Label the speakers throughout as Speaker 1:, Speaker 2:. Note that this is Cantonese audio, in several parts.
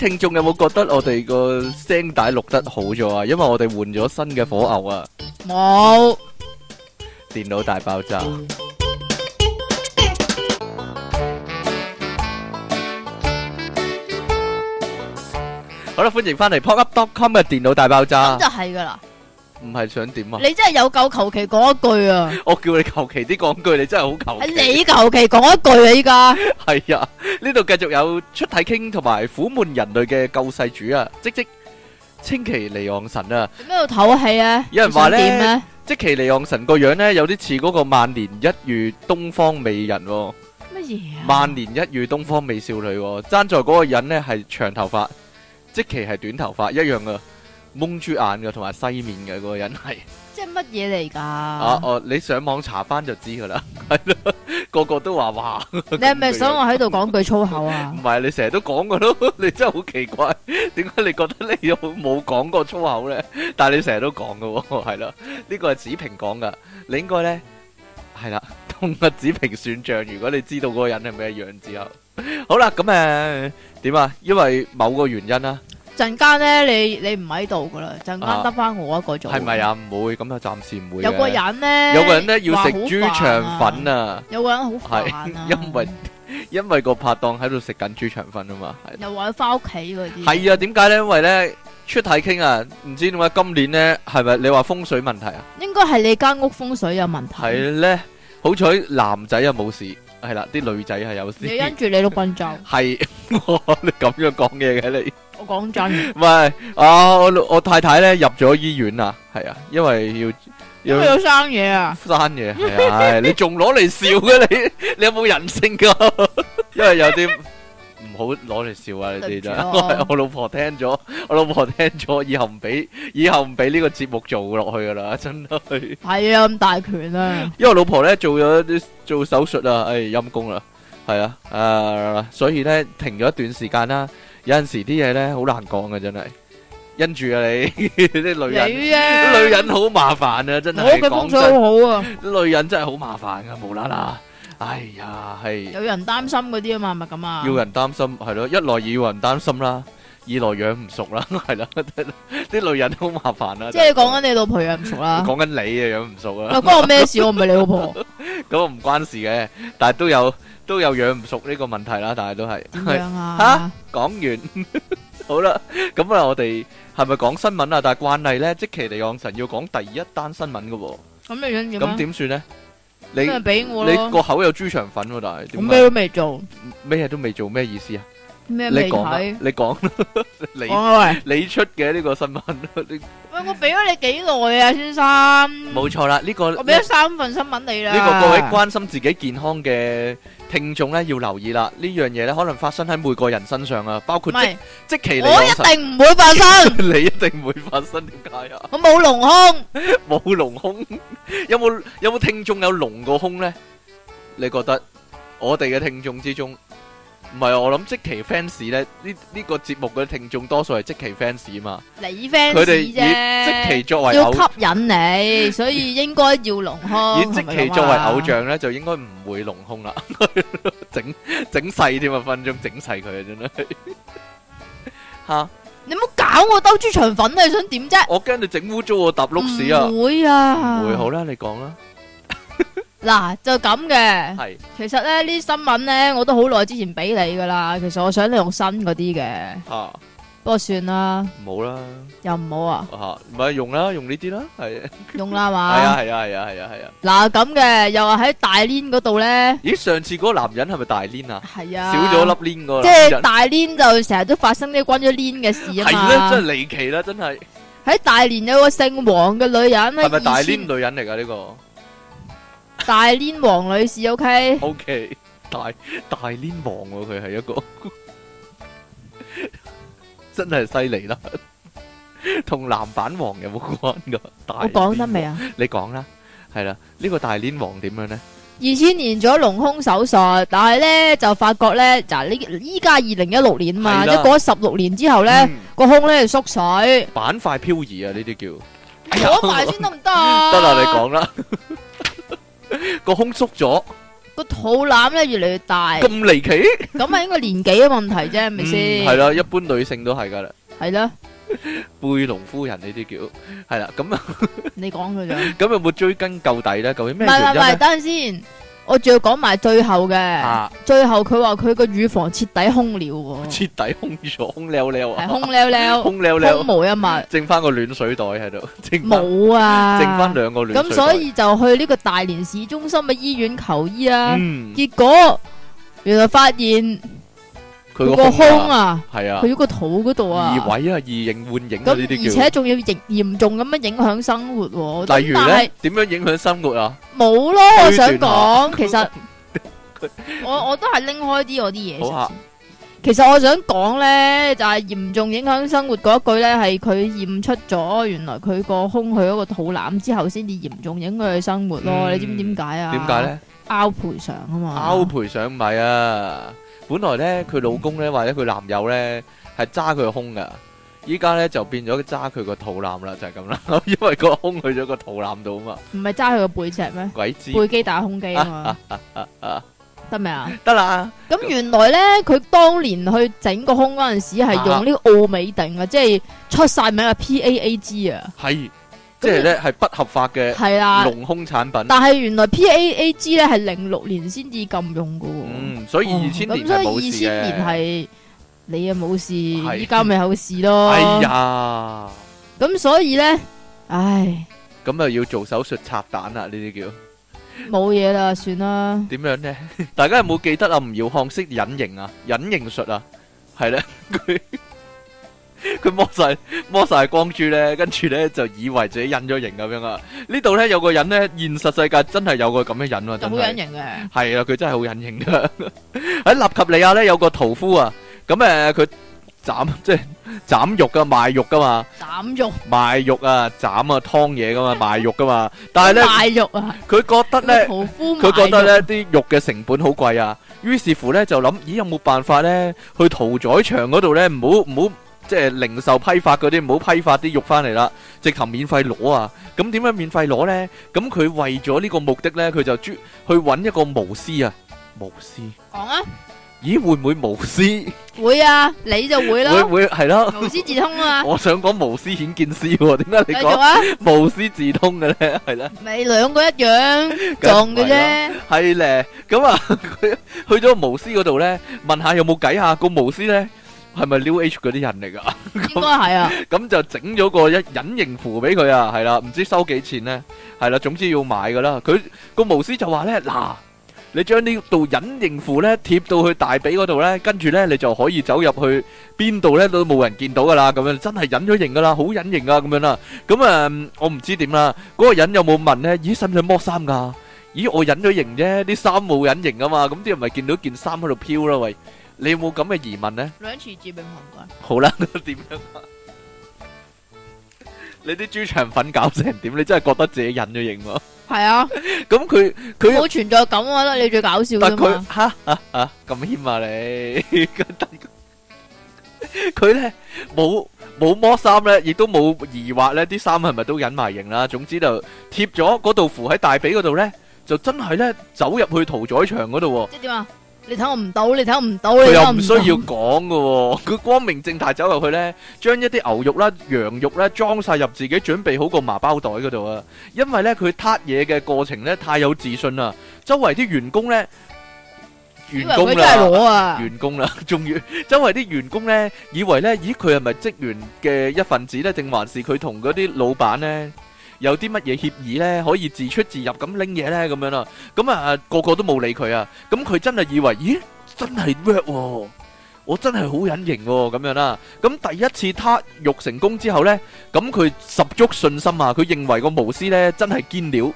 Speaker 1: 聽眾有冇覺得我哋個聲帶錄得好咗啊？因為我哋換咗新嘅火牛啊！
Speaker 2: 冇。
Speaker 1: 電腦大爆炸。好啦，歡迎翻嚟 popup.com 嘅電腦大爆炸，咁就係噶啦。唔係想點啊！你
Speaker 2: 真係有夠求其講一句啊！
Speaker 1: 我叫你求其啲講句，你真係好求其。係你求其
Speaker 2: 講一句啊！依家
Speaker 1: 係啊！呢度繼續有出體 king 同埋苦悶人類嘅救世主啊！即即積淇離岸神啊！
Speaker 2: 喺邊度唞氣啊！有人話咧，
Speaker 1: 積淇離岸神個樣咧，有啲似嗰個萬年一遇東方美人。乜嘢啊？萬年一遇東方美少女，爭在嗰個人咧係長頭髮，積淇係短頭髮，一樣噶。蒙住眼嘅，同埋西面嘅嗰個人係，
Speaker 2: 即係乜嘢嚟噶？啊
Speaker 1: 哦，你上網查翻就知噶啦，係 咯，個個都話哇，你係咪想我
Speaker 2: 喺度講句粗口啊？
Speaker 1: 唔係， 你成日都講噶咯，你真係好奇怪，點解你覺得你又冇講過粗口咧？ 但係你成日都講噶喎，係 咯， 呢個係子平講噶，你應該咧係啦，同個子平算賬，如果你知道嗰個人係咩樣之後？ 好啦，咁啊點啊？因為某個原因啦。
Speaker 2: 陣間咧，你你唔喺度噶啦，陣間得翻我一個做。係咪啊？
Speaker 1: 唔會，咁就暫時唔會。有個人咧，有個人咧要食豬腸粉啊！有個人好煩啊！因為因為個拍檔喺度食緊豬腸粉啊嘛，
Speaker 2: 又話要翻屋企嗰啲。係啊，
Speaker 1: 點解咧？因為咧出體傾啊，唔知點解今年咧係咪你話風水問題啊？
Speaker 2: 應該係你間屋風水有問題。
Speaker 1: 係咧，好彩男仔又冇事，係啦，啲女仔係有事。你跟
Speaker 2: 住你老賓走。
Speaker 1: 係我你咁樣講嘢嘅你。
Speaker 2: 我講真，
Speaker 1: 唔係啊！我我太太咧入咗醫院啊，係啊，因為要要生嘢啊，生嘢係啊！你仲攞嚟笑嘅你，你有冇人性噶？因為有啲唔好攞嚟笑啊！你哋我老婆聽咗，我老婆聽咗，以後唔俾，以後唔俾呢個節目做落去噶啦！真
Speaker 2: 係係啊，咁大權啊！
Speaker 1: 因為老婆咧做咗啲做手術啊，哎，陰功啦，係啊，誒，所以咧停咗一段時間啦。有陣時啲嘢咧好難講嘅，真係因住啊你啲女人，女人好麻煩啊，真係。我嘅風水好好啊，女人真係好麻煩噶，無啦啦，哎呀係。有
Speaker 2: 人擔心嗰啲啊嘛，係咪咁啊？要人
Speaker 1: 擔心係咯，一來要人擔心啦，二來養唔熟啦，係啦，啲女人好麻煩啦。即係講
Speaker 2: 緊你老婆養唔熟啦。講
Speaker 1: 緊你啊，養唔熟啊。唔關我咩事，我唔係你老婆。咁啊，我唔關事嘅，但係都有。都有養唔熟呢個問題啦，但係都係點樣啊？吓講完好啦，咁啊，我哋係咪講新聞啊？但係慣例咧，即係積淇離岸神要講第一單新聞㗎喎。咁你
Speaker 2: 想點？咁點
Speaker 1: 算咧？你俾我，你個口有豬腸粉，但係點咩都未做，咩都未做，咩意思啊？咩
Speaker 2: 未睇？你講，
Speaker 1: 你講，你你出嘅呢個新聞。
Speaker 2: 喂，我俾咗你幾耐啊，先生？
Speaker 1: 冇錯啦，呢個我俾咗
Speaker 2: 三份新聞你啦。呢個各位關
Speaker 1: 心自己健康嘅。聽眾咧要留意啦，樣呢樣嘢咧可能發生喺每個人身上啊，包括即是即淇離岸神。我一定唔會發生。 你一定唔會發生點解？我冇隆胸，冇隆 龍胸。 有冇有冇聽眾有隆個胸呢？你覺得我哋嘅聽眾之中？唔係啊，我諗積淇 fans 咧，呢呢個節目嘅聽眾多數係積淇 fans 嘛，
Speaker 2: 你 fans 啫。佢哋以積淇
Speaker 1: 作為偶像要吸
Speaker 2: 引你，所以應該要隆胸。以積淇作為偶像
Speaker 1: 咧，就應該唔會隆胸啦，整整細添啊，分鐘整細佢啊真係。吓！
Speaker 2: 你唔好搞我兜豬腸粉啊！你想點啫？
Speaker 1: 我驚你整污糟我搭碌屎啊！唔會
Speaker 2: 啊！唔會好
Speaker 1: 啦，你講啦。
Speaker 2: 嗱就咁嘅，其實咧呢啲新聞咧我都好耐之前俾你噶啦。其實我想你用新嗰啲嘅，不過算啦，
Speaker 1: 冇啦，
Speaker 2: 又唔好
Speaker 1: 啊，唔係用啦，用呢啲啦，係用啦嘛，係啊係啊，係啊，係啊，係啊。
Speaker 2: 嗱咁嘅，又話喺大連嗰度咧，
Speaker 1: 咦？上次嗰個男人係咪大連啊？
Speaker 2: 係啊，少咗粒
Speaker 1: 鏈個啦，即係大
Speaker 2: 連就成日都發生啲關於鏈嘅事啊嘛，係啦，真係
Speaker 1: 離奇啦，真係
Speaker 2: 喺大連有個姓黃嘅女人，係咪大連
Speaker 1: 女人嚟噶呢個？
Speaker 2: 大鏈王女士，O K，O
Speaker 1: K，大大鏈王佢係一個真係犀利啦，同藍板王有冇關噶？我講得未啊？你講啦，係啦，呢個大鏈王點樣咧？
Speaker 2: 二千年做隆胸手術，但係咧就發覺咧，嗱呢依家二零一六年嘛，即係過咗十六年之後咧，個胸咧縮水，
Speaker 1: 板塊漂移啊，呢啲叫攞埋先
Speaker 2: 得唔得？得啦，你
Speaker 1: 講啦。個胸縮咗，
Speaker 2: 個肚腩咧越嚟越大，咁離奇，咁係應該年紀嘅問題啫，係咪先？係啦，
Speaker 1: 一般女性都係噶啦，係啦，貝隆夫人呢啲叫，係啦，咁啊，
Speaker 2: 你講佢
Speaker 1: 咋？咁有冇追根究底咧？究竟咩原因？係啦係啦，等陣
Speaker 2: 先。我仲要講埋最後嘅，啊、最後佢話佢個乳房徹底空了喎，
Speaker 1: 徹底空咗，空溜溜啊， 空溜溜，空溜溜，冇一物，剩翻個暖水袋喺度，冇啊，剩翻兩個暖水袋。咁所以
Speaker 2: 就去呢個大連市中心嘅醫院求醫啊，嗯、結果原來發現。佢個胸啊，係啊，佢個肚嗰度啊，移
Speaker 1: 位啊，移形換影咁呢啲叫。咁而且仲
Speaker 2: 要嚴嚴重咁樣影響生活。例如咧，
Speaker 1: 點樣影響
Speaker 2: 生活啊？冇咯，我想講，其實我我都係拎開啲我啲嘢。其實我想講咧，就係嚴重影響生活嗰一句咧，係佢驗出咗原來佢個胸去嗰個肚腩之後，先至嚴重影響佢生活咯。你知唔知點解啊？點解咧？包賠償啊嘛，包
Speaker 1: 賠償咪啊？本來咧佢老公咧或者佢男友咧係揸佢個胸㗎，依家咧就變咗揸佢個肚腩啦，就係咁啦，因為個胸去咗個肚腩度啊嘛。
Speaker 2: 唔係揸佢個背脊咩？鬼誰知背肌打胸肌啊嘛？得未啊？得、啊啊啊、啦。咁原來咧佢當年去整個胸嗰陣時係用呢個奧美定啊，即係出晒名嘅 P A A G 啊。
Speaker 1: 係。即係咧，係不合法嘅隆胸產品。但係原
Speaker 2: 來 P A A G 咧係零六年先至禁用噶。嗯，所以二千年係冇事。咁所以二千年係你又冇事，依家咪有事咯。哎呀，咁所以咧，唉，
Speaker 1: 咁啊要做手術拆彈啦，呢啲叫。
Speaker 2: 冇嘢啦，算啦。
Speaker 1: 點樣咧？大家有冇記得啊？吳耀漢識隱形啊，隱形術啊，係咧佢。佢 剝晒剝晒光豬咧，跟住咧就以為自己隱咗形咁樣啊。呢度咧有個人咧，現實世界真係有個咁嘅人啊，好隱形嘅係啊，佢真係好隱形嘅。喺納及利亞咧有個屠夫啊，咁誒佢斬即係斬肉噶，啊，賣肉噶嘛，斬肉賣肉啊，斬啊劏嘢噶嘛賣肉噶嘛，但係咧賣肉啊，佢覺
Speaker 2: 得咧屠夫佢覺得咧啲
Speaker 1: 肉嘅成本好貴啊，於是乎咧就諗咦有冇辦法咧去屠宰場嗰度咧唔好唔好。即係零售批發嗰啲，唔好批發啲肉翻嚟啦，直頭免費攞啊！咁點樣免費攞咧？咁佢為咗呢個目的咧，佢就專去揾一個巫師啊！巫師講啊！咦，會唔會巫師？
Speaker 2: 會啊，你就會啦，會係咯，巫師自通啊！我
Speaker 1: 想講巫師顯見師，點解你講啊巫師自通嘅咧？係咧，
Speaker 2: 咪兩個一樣撞嘅啫，
Speaker 1: 係咧。咁啊，佢去咗巫師嗰度咧，問下有冇計下？個巫師咧。係咪 New H 嗰啲人嚟噶？
Speaker 2: 應該係啊。
Speaker 1: 咁就整咗個一隱形符俾佢啊，係啦，唔知收幾錢咧？係啦，總之要買噶啦。佢個巫師就話咧：嗱，你將呢度隱形符咧貼到去大髀嗰度咧，跟住咧你就可以走入去邊度咧都冇人見到噶啦。咁樣真係隱咗形噶啦，好隱形啊咁樣啦。咁啊，我唔知點啦。嗰個人有冇問咧？咦，使唔使剝衫噶？咦，我隱咗形啫，啲衫冇隱形啊嘛。咁啲人咪見到件衫喺度飄啦喂。你有冇咁嘅疑問咧？
Speaker 2: 兩次治病唔同噶。好啦，
Speaker 1: 點樣啊？你啲豬腸粉搞成點？你真係覺得自己隱咗形喎？係
Speaker 2: 啊，咁佢佢冇存在感啊！我覺得你最搞笑㗎嘛。但係佢
Speaker 1: 嚇嚇嚇咁謙啊你！佢咧冇冇摸衫咧，亦都冇疑惑咧，啲衫係咪都隱埋形啦？總之就貼咗嗰度符喺大髀嗰度咧，就真係咧走入去屠宰場嗰度喎。即
Speaker 2: 係點啊？你睇我唔到，你睇我唔到，你
Speaker 1: 又唔需要講嘅、哦。佢 光明正大走入去呢，將一啲牛肉啦、羊肉啦裝晒入自己準備好個麻包袋嗰度啊。因為呢，佢撻嘢嘅過程呢，太有自信啦。周圍啲員工呢，員工啦，啊、員工啦，仲要周圍啲員工呢，以為呢，咦，佢係咪職員嘅一份子呢？定還是佢同嗰啲老闆呢？有啲乜嘢協議呢？可以自出自入咁拎嘢呢？咁樣啦。咁啊，個個都冇理佢啊。咁佢真係以為，咦，真係 work 喎！我真係好隱形喎、哦，咁樣啦。咁第一次他欲成功之後呢，咁佢十足信心啊！佢認為個巫師呢真係堅料，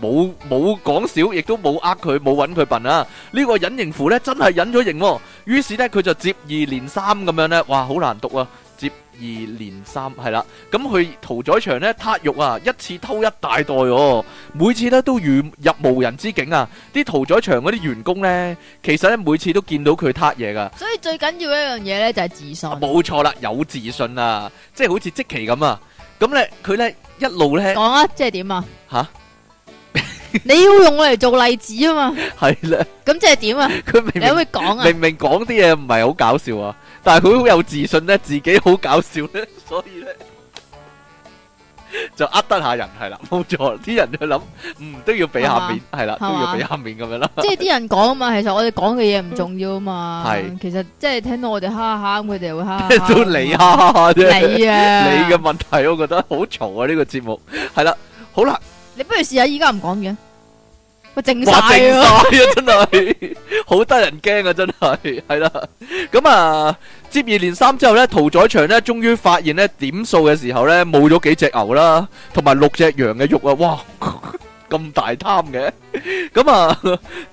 Speaker 1: 冇冇講少，亦都冇呃佢，冇揾佢笨啊！呢、這個隱形符呢真係隱咗形。於是呢，佢就接二連三咁樣呢。哇，好難讀啊！接二連三係啦，咁佢屠宰場咧，撻肉啊，一次偷一大袋哦，每次咧都如入無人之境啊！啲屠宰場嗰啲員工咧，其實咧每次都見到佢撻嘢噶。
Speaker 2: 所以最緊要一樣嘢咧，就係自
Speaker 1: 信。冇錯啦，有自信啊，即係好似積淇咁啊，咁咧佢咧一路咧講啊，即係點啊？吓，
Speaker 2: 你要用我嚟做例子啊嘛？
Speaker 1: 係啦，
Speaker 2: 咁即係點啊？佢明明會講啊？明
Speaker 1: 明講啲嘢唔係好搞笑啊？但係佢好有自信咧，自己好搞笑咧，所以咧就呃得下人係啦，冇錯，啲人就諗，嗯，都要俾下面係啦，都要俾下面咁樣啦。即係啲
Speaker 2: 人講啊嘛，其實我哋講嘅嘢唔重要啊嘛，係其實即係聽到我哋蝦蝦，佢哋會蝦蝦。都
Speaker 1: 你啊，你啊，你嘅問題我覺得好嘈啊！呢個節目係啦，好
Speaker 2: 啦，你不如試下依家唔講嘅。我淨晒
Speaker 1: 啊，真係好得人驚啊！真係係啦，咁啊接二連三之後咧，屠宰場咧終於發現咧點數嘅時候咧冇咗幾隻牛啦，同埋六隻羊嘅肉啊！哇！ 咁大貪嘅，咁啊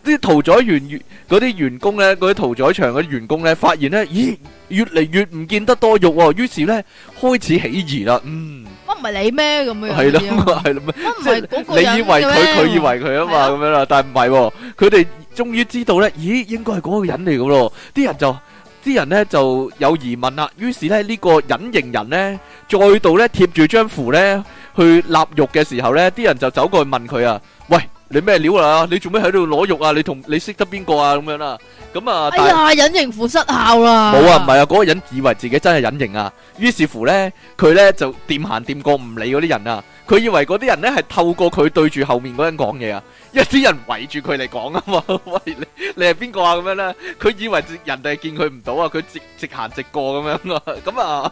Speaker 1: 啲屠宰員越嗰啲員工咧，嗰啲屠宰場嘅員工咧，發現咧，咦，越嚟越唔見得多肉喎，於是咧開始起疑啦，嗯，
Speaker 2: 我唔係你咩咁樣，係囉，係囉咩，即係你以為佢，佢
Speaker 1: 以為佢啊嘛，咁樣啦，但係唔係，佢哋終於知道咧，咦，應該係嗰個人嚟噶咯，啲人就。啲人呢就有疑問啦，於是呢，呢個隱形人呢，再度呢貼住張符呢去臘肉嘅時候呢，啲人就走過去問佢啊，喂！你咩料啊？你做咩喺度攞肉啊？你同你識得邊個啊？咁樣啦，咁啊，哎呀，
Speaker 2: 隱形符失效啦！冇啊，
Speaker 1: 唔係啊，嗰個人以為自己真係隱形啊，於是乎咧，佢咧就掂行掂過，唔理嗰啲人啊，佢以為嗰啲人咧係透過佢對住後面嗰人講嘢啊，一啲人圍住佢嚟講啊嘛，喂，你你係邊個啊？咁樣咧，佢以為人哋見佢唔到啊，佢直直行直過咁樣啊，咁啊，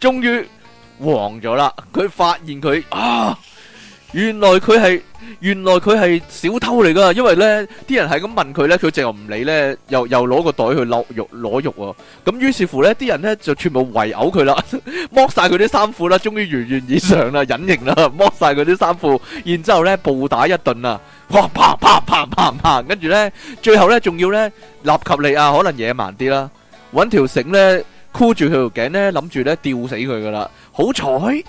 Speaker 1: 終於黃咗啦，佢發現佢啊！原來佢係原來佢係小偷嚟噶因為咧啲人係咁問佢咧，佢淨係唔理咧，又又攞個袋去攞肉攞肉啊。咁於是乎咧，啲人咧就全部圍毆佢啦，剝晒佢啲衫褲啦，終於如願以償啦，隱形啦，剝晒佢啲衫褲，然之後咧暴打一頓啦，啪啪啪啪啪，跟住咧最後咧仲要咧立及利亞可能野蠻啲啦，搵條繩咧箍住佢條頸咧，諗住咧吊死佢噶啦，好彩。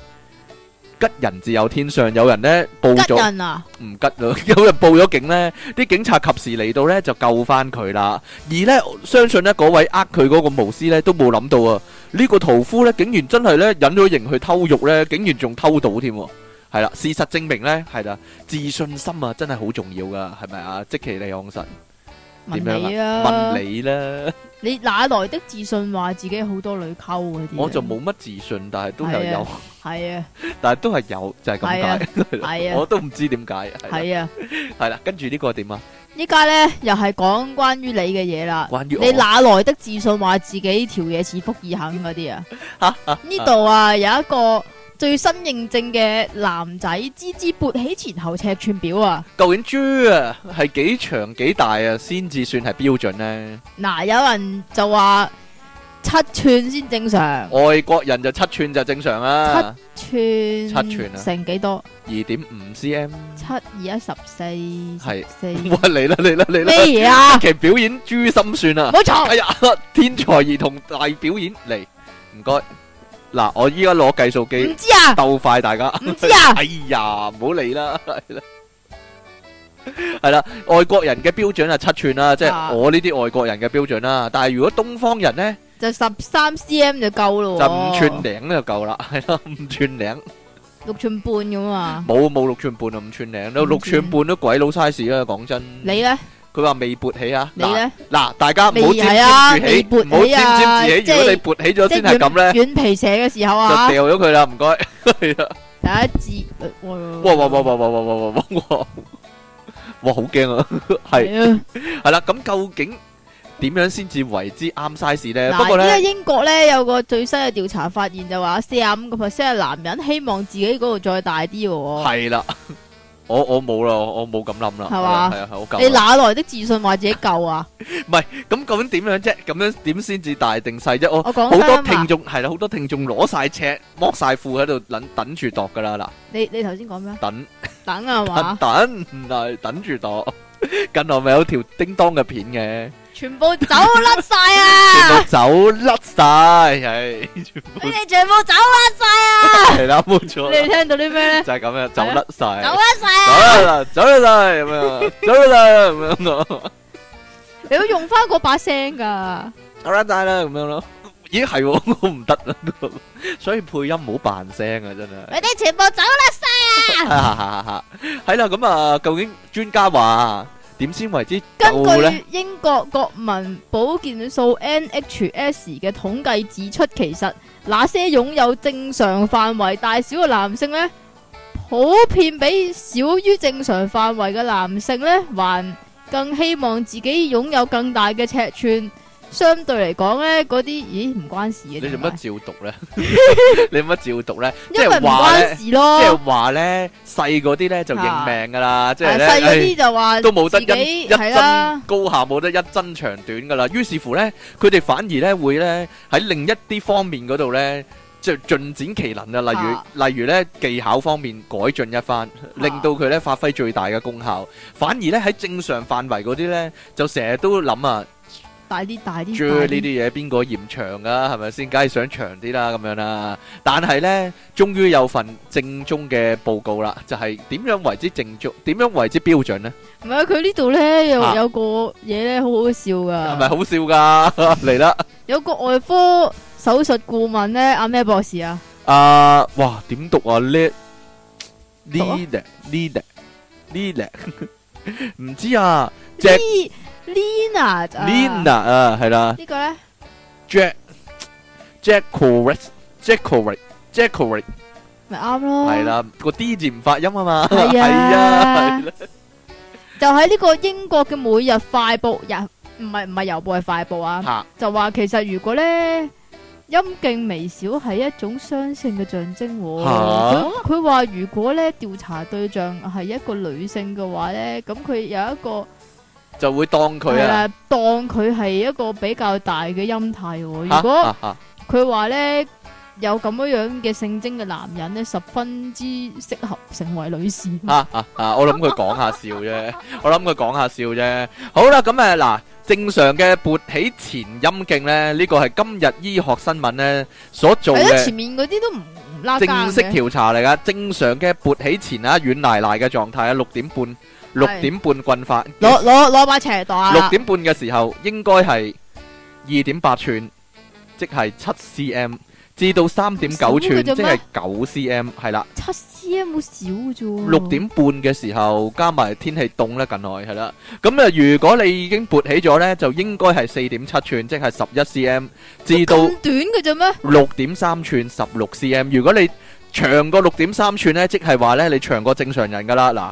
Speaker 1: 吉人自有天相，有人咧報咗
Speaker 2: 唔
Speaker 1: 吉咯，有人報咗警咧，啲警察及時嚟到咧就救翻佢啦。而咧，相信咧嗰位呃佢嗰個巫師咧都冇諗到啊，呢個屠夫咧竟然真係咧隱咗形去偷肉咧，竟然仲偷到添，係啦。事實證明咧係啦，自信心啊真係好重要噶，係咪啊？積淇離岸神點樣啦？問你啦。
Speaker 2: 你哪來的自信話自己好多女溝嗰啲？我就冇
Speaker 1: 乜自信，但係都有有，係啊，但係都係有就係咁解，係啊，我都唔知點解，係啊，係啦、啊 啊，跟住呢個點啊？
Speaker 2: 依家咧又係講關於你嘅嘢啦，關於你哪來的自信話自己條嘢似福爾肯嗰啲啊？呢度啊，啊有一個。最新認證嘅男仔支支勃起前後尺寸表啊！
Speaker 1: 究竟豬啊係幾長幾大啊先至算係標準呢？
Speaker 2: 嗱，有人就話七寸先正常，
Speaker 1: 外國人就七寸就正常啦，啊。七
Speaker 2: 寸，七寸啊，成幾多？
Speaker 1: 二點五 cm，
Speaker 2: 七二一十四，係
Speaker 1: 四。喂，嚟啦嚟啦嚟啦！咩嘢啊？其表演豬心算啊！冇錯吵，哎呀，天才兒童大表演嚟，唔該。嗱，我依家攞計數機鬥快大家。唔知啊，哎呀，唔好理啦，係啦，係啦，外國人嘅標準係七寸啦，即係我呢啲外國人嘅標準啦。但係如果東方人咧，
Speaker 2: 就十三 cm 就夠咯，就五寸
Speaker 1: 零就夠啦，五寸零，
Speaker 2: 六寸半咁啊，
Speaker 1: 冇冇六寸半啊，五寸零，六寸半都鬼佬 size 啦，講真。你咧？佢話未勃起啊，你咧？嗱，大家唔好沾沾住起，唔好沾沾住起。如果你勃起咗先係咁咧，軟
Speaker 2: 皮蛇嘅時候啊，就掉咗佢啦。唔該，係啦。第一字，哇哇哇哇哇哇哇哇哇！
Speaker 1: 哇，好驚啊！係係啦，咁究竟點樣先至為之啱 size 咧？不過咧，英
Speaker 2: 國咧有個最新嘅調查發現就話，四啊五個 percent 係男人希望自己嗰度再大啲。係
Speaker 1: 啦。我我冇啦，我冇咁諗啦，係嘛，係啊，好夠。你哪
Speaker 2: 來的自信話自己夠啊？
Speaker 1: 唔係，咁究竟點樣啫？咁樣點先至大定細啫？我講好多聽眾係啦，好多聽眾攞晒尺剝晒褲喺度等等住度噶啦嗱。
Speaker 2: 你你頭先講咩？等
Speaker 1: 等啊嘛？等等啊，等住度。近來咪有條叮噹嘅片嘅。
Speaker 2: 全部走甩晒啊！全部
Speaker 1: 走甩晒，係。你
Speaker 2: 全部走甩晒啊！
Speaker 1: 係啦，冇錯。你哋
Speaker 2: 聽到啲咩咧？就係
Speaker 1: 咁樣，走甩晒。走甩
Speaker 2: 晒。走甩啦，
Speaker 1: 走甩晒，咁樣，走甩晒，咁樣咯。
Speaker 2: 你要用翻嗰把聲噶。
Speaker 1: 走甩晒啦，咁樣咯。已經，係我唔得啦，所以配音唔好扮聲啊，真係。
Speaker 2: 你哋全部走甩晒
Speaker 1: 啊！係啦，咁啊，究竟專家話點先為之夠咧？根據
Speaker 2: 英國國民保健署 NHS 嘅統計指出，其實那些擁有正常範圍大小嘅男性咧，普遍比小於正常範圍嘅男性咧，還更希望自己擁有更大嘅尺寸。相對嚟講咧，嗰啲咦唔關事嘅。你做乜
Speaker 1: 照讀咧？ 你做乜照讀咧？因為唔關事咯。即係話咧，細嗰啲咧就認命噶啦。即係細一啲就
Speaker 2: 話，哎，都冇得一，係啦，啊。
Speaker 1: 高下冇得一爭長短噶啦。於是乎咧，佢哋反而咧會咧喺另一啲方面嗰度咧，即係進展其能啊。例如，啊，例如咧技巧方面改進一番，令到佢咧發揮最大嘅功效。反而咧喺正常範圍嗰啲咧，就成日都諗啊。
Speaker 2: 大啲大啲，追呢啲
Speaker 1: 嘢，邊個嫌長啊？係咪先？梗係想長啲啦，咁樣啦。但係咧，終於有份正宗嘅報告啦，就係點樣為之正宗？點樣為之標準咧？
Speaker 2: 唔係啊，佢呢度咧又有個嘢咧，好好笑噶。係咪好
Speaker 1: 笑噶？嚟啦，
Speaker 2: 有個外科手術顧問咧，阿咩博士啊？
Speaker 1: 啊，哇，點讀啊？lead，leader，leader，leader，唔知啊？只。
Speaker 2: Lina，Lina 啊，係啦。呢個咧
Speaker 1: ？Jack，Jack，corset，Jack，corset，Jack，corset，
Speaker 2: 咪啱咯。係啦，
Speaker 1: 個 D 字唔發音啊嘛。係啊，係
Speaker 2: 啦。就喺呢個英國嘅每日快報，日唔係唔係郵報，係快報啊。就話其實如果咧，陰莖微小係一種雙性嘅象徵。佢話如果咧調查對象係一個女性嘅話咧，咁佢有一個。
Speaker 1: 就會當佢啊，
Speaker 2: 當佢係一個比較大嘅陰蒂。如果佢話咧有咁樣樣嘅性徵嘅男人咧，十分之適合成為女士。吓
Speaker 1: 吓吓，我諗佢講下笑啫，我諗佢講下笑啫。好啦，咁誒嗱，正常嘅勃起前陰莖咧，呢個係今日醫學新聞咧所做嘅。前
Speaker 2: 面嗰啲都唔唔拉，正式調
Speaker 1: 查嚟噶，正常嘅勃起前啊，軟泥泥嘅狀態啊，六點半。六點半棍法，攞攞攞把
Speaker 2: 尺度下啦。六點
Speaker 1: 半嘅時候應該係二點八吋，即係七 cm，至到三點九吋，即係九 cm，係啦。
Speaker 2: 七 cm 好少嘅啫。六
Speaker 1: 點半嘅時候加埋天氣凍咧，近來係啦。咁咧，如果你已經勃起咗咧，就應該係四點七吋，即係十一 cm，至到咁
Speaker 2: 短嘅啫咩？六
Speaker 1: 點三吋，十六 cm。如果你長過六點三吋咧，即係話咧，你長過正常人噶啦嗱。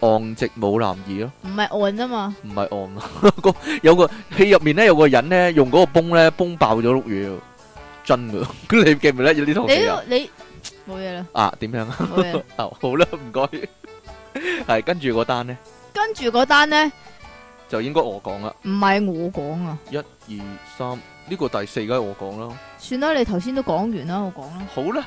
Speaker 1: 岸直，冇男兒
Speaker 2: 咯，唔係岸啊嘛，
Speaker 1: 唔係岸啊，個有個戲入面咧有個人咧用嗰個泵咧泵爆咗碌魚樽，真㗎，咁你記唔記得有啲同事啊？你
Speaker 2: 你冇
Speaker 1: 嘢啦，啊點樣啊？好啦，唔該，係跟住嗰單咧，
Speaker 2: 跟住嗰單咧
Speaker 1: 就應該我講啦，
Speaker 2: 唔係我講啊，
Speaker 1: 一二三，呢個第四該我講咯，
Speaker 2: 算啦，你頭先都講完啦，我講啦，好啦。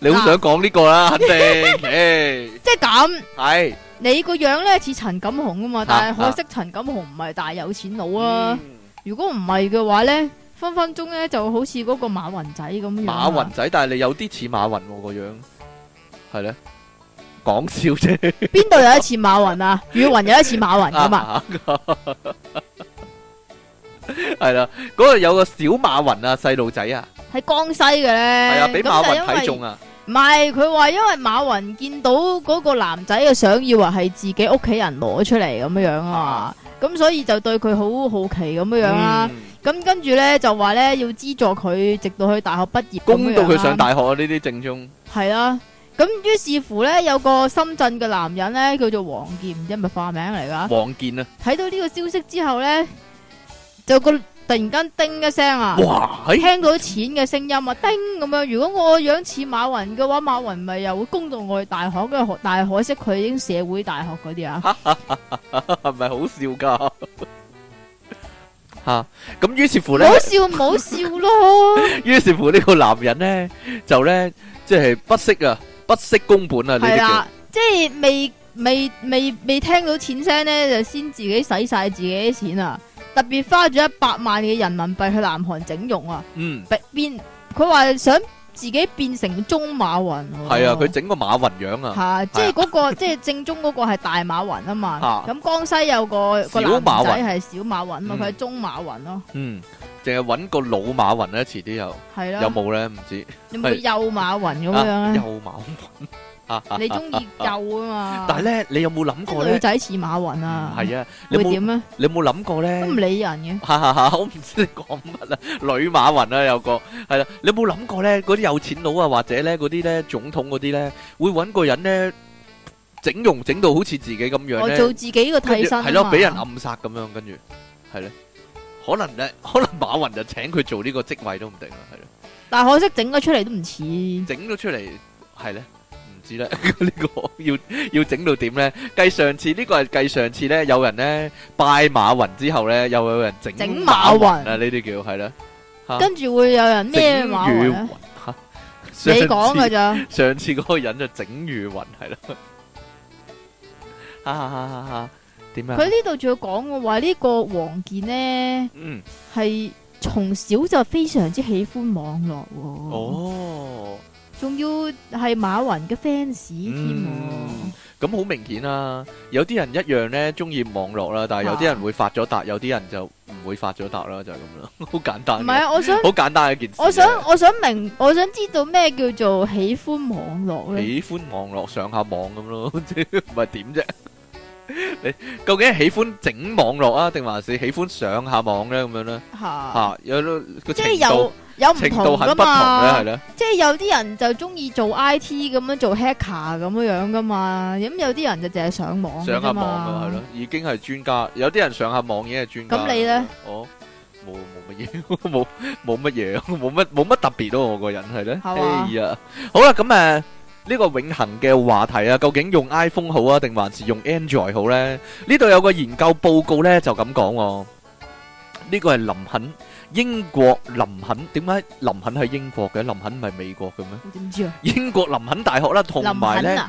Speaker 2: 你好想講呢個啦，即
Speaker 1: 係咁，係
Speaker 2: 你個樣咧似陳錦雄啊嘛，但係可惜陳錦雄唔係大有錢佬啊。啊如果唔係嘅話咧，分分鐘咧就好似嗰個馬雲仔咁樣。馬雲
Speaker 1: 仔，但係你有啲似馬雲個、哦、樣，係咧講笑啫。邊
Speaker 2: 度有一似馬雲啊？ 雨雲有一似馬雲噶嘛？
Speaker 1: 係啦，嗰度有個小馬雲啊，細路
Speaker 2: 仔啊。喺江西嘅咧，係啊，畀馬雲睇、啊、中啊，因為唔係佢話，因為馬雲見到嗰個男仔嘅相要啊，係自己屋企人攞出嚟咁樣樣啊，咁所以就對佢好好奇咁樣樣啦。咁、嗯、跟住咧就話咧要資助佢，直到佢大學畢業，供到佢上大
Speaker 1: 學呢啲正宗
Speaker 2: 係啦。咁於是、啊、是乎咧，有個深圳嘅男人咧，叫做王健，唔知係咪化名嚟噶？
Speaker 1: 王健啊，
Speaker 2: 睇到呢個消息之後咧，就個。突然間叮一聲啊，哇欸、聽到錢嘅聲音啊，叮咁樣。如果我樣似馬雲嘅話，馬雲咪又會供到我去大學，跟住學。但係可惜佢已經社會大學嗰啲啊，係
Speaker 1: 咪 好笑噶？吓，咁於是乎咧，好笑唔好
Speaker 2: 笑咯。
Speaker 1: 於 是乎呢個男人咧就咧即係不惜啊，不惜工本啊。係啦、啊，你即
Speaker 2: 係未未未未，未，未聽到錢聲咧，就先自己使晒自己啲錢啊。特別花咗一百萬嘅人民幣去南韓整容啊！嗯，變佢話想自己變成中馬雲。係啊，
Speaker 1: 佢整個馬雲樣啊！係，即係
Speaker 2: 嗰個，即係正宗嗰個係大馬雲啊嘛。咁江西有個個男仔係小馬雲啊嘛，佢係中馬雲咯。嗯，
Speaker 1: 淨係搵個老馬雲咧，遲啲又係啦，有冇咧？唔知有冇叫幼
Speaker 2: 馬雲咁樣咧？幼馬雲。你中意舊啊嘛？但係
Speaker 1: 咧，你有冇諗過咧？女仔
Speaker 2: 似馬雲啊？係啊，你會
Speaker 1: 點咧？你有冇諗過咧？都唔理人嘅。吓吓吓！我唔知你講乜啦。女馬雲啊，有個係啦。你有冇諗過咧？嗰啲有錢佬啊，或者咧，嗰啲咧總統嗰啲咧，會搵個人咧，整容整到好似自己咁樣咧？做自己個替身係咯，俾人暗殺咁樣，跟住係咧。可能咧，可能馬雲就請佢做呢個職位都唔定啊，係咯。
Speaker 2: 但係可惜整咗出嚟都唔似。整咗出嚟
Speaker 1: 係咧。知啦， 呢、這個要要整到點咧？繼上次呢個係繼上次咧，有人咧拜馬雲之後咧，又有人整馬雲啊，呢啲叫係啦。跟
Speaker 2: 住會有人咩馬雲？吓你講㗎咋？
Speaker 1: 上次嗰個人就整魚雲係啦。哈哈哈！點 啊？佢呢
Speaker 2: 度仲要講我話呢、這個王健呢，嗯，係從小就非常之喜歡網絡哦。仲要係馬雲嘅 fans 添，
Speaker 1: 咁好明顯啦。有啲人一樣咧中意網絡啦，但係有啲人會發咗達，有啲人就唔會發咗達啦，就係咁啦，好簡單。唔係啊，我想好簡單嘅一件事。我想我
Speaker 2: 想明，我想知道咩叫做喜歡網絡咧？喜
Speaker 1: 歡網絡上下網咁咯，唔係點啫？你究竟係喜歡整網絡啊，定還是喜歡上下網咧？咁樣咧吓吓有嗰個程度。有唔同噶嘛？係咧，
Speaker 2: 即係有啲人就中意做 IT 咁樣做 hacker 咁樣樣噶嘛，咁有啲人就淨係上網噶嘛。上下網咪係咯，
Speaker 1: 已經係專家。有啲人上下網已經係專家。咁你咧？哦，冇冇乜嘢，冇冇乜嘢，冇乜冇乜特別咯，我個人係咧。係啊，好啦，咁誒，呢個永恒嘅話題啊，究竟用 iPhone 好啊，定還是用 Android 好咧？呢度有個研究報告咧，就咁講。呢個係林肯。英國林肯，點解林肯係英國嘅？林肯唔係美國嘅咩？點知啊英國林肯大學啦，同埋咧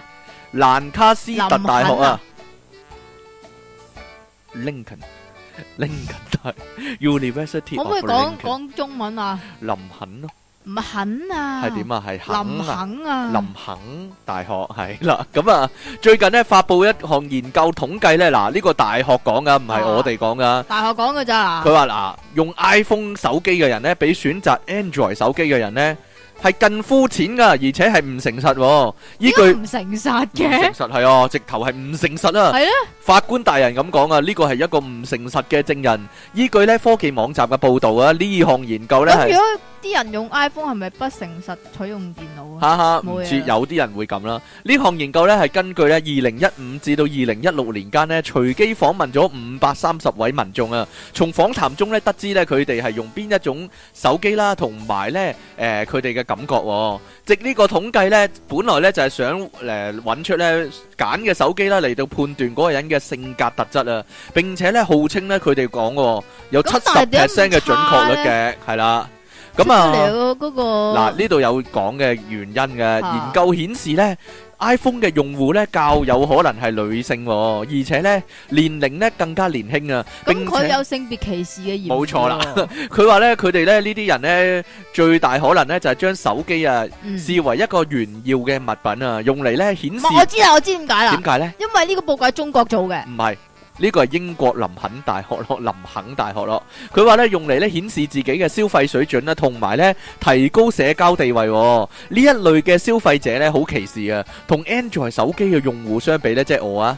Speaker 1: 蘭卡斯特大學啊，Lincoln，Lincoln 大學 University，可唔可以講講中文啊？林肯。
Speaker 2: 唔肯啊？係點啊？
Speaker 1: 係肯、啊、林肯啊？林肯大學係啦，咁啊最近呢，發布一項研究統計呢。嗱呢、呢個大學講噶，唔係我哋講噶。
Speaker 2: 大學講嘅咋？佢話
Speaker 1: 嗱，用 iPhone 手機嘅人呢，比選擇 Android 手機嘅人呢，係更膚淺噶，而且係唔誠實。依句唔
Speaker 2: 誠實嘅，唔誠實
Speaker 1: 係啊，直頭係唔誠實啊！係咧，法官大人咁講啊，呢個係一個唔誠實嘅證人。依據咧科技網站嘅報導啊，呢項研究咧，咁如果
Speaker 2: 啲人用 iPhone 係咪不誠實採用電腦
Speaker 1: 啊？哈哈，唔知有啲人會咁啦。呢項研究咧係根據咧二零一五至到二零一六年間咧隨機訪問咗五百三十位民眾啊，從訪談中咧得知咧佢哋係用邊一種手機啦，同埋咧誒佢哋嘅。感覺喎，藉呢個統計呢，本來呢就係想揾、呃、出呢揀嘅手機啦，嚟到判斷嗰個人嘅性格特質啊。並且呢，號稱呢，佢哋講嘅有七十 percent 嘅準確率嘅，係、啊、啦。咁啊，
Speaker 2: 嗱
Speaker 1: 呢度有講嘅原因嘅，研究顯示呢。啊 iPhone 嘅用戶咧較有可能係女性，而且咧年齡咧更加年輕啊。
Speaker 2: 咁佢有性別歧視嘅嫌疑，冇錯啦。
Speaker 1: 佢話咧佢哋咧呢啲人咧最大可能咧就係將手機啊視為一個炫耀嘅物品啊，用嚟咧顯示。我知啦，
Speaker 2: 我知點解啦。點解咧？因為呢個報告係中國做嘅。
Speaker 1: 唔係。呢個係英國林肯大學咯，林肯大學咯，佢話咧用嚟咧顯示自己嘅消費水準咧，同埋咧提高社交地位，呢一類嘅消費者咧好歧視嘅，同 Android 手機嘅用戶相比咧，即係我啊。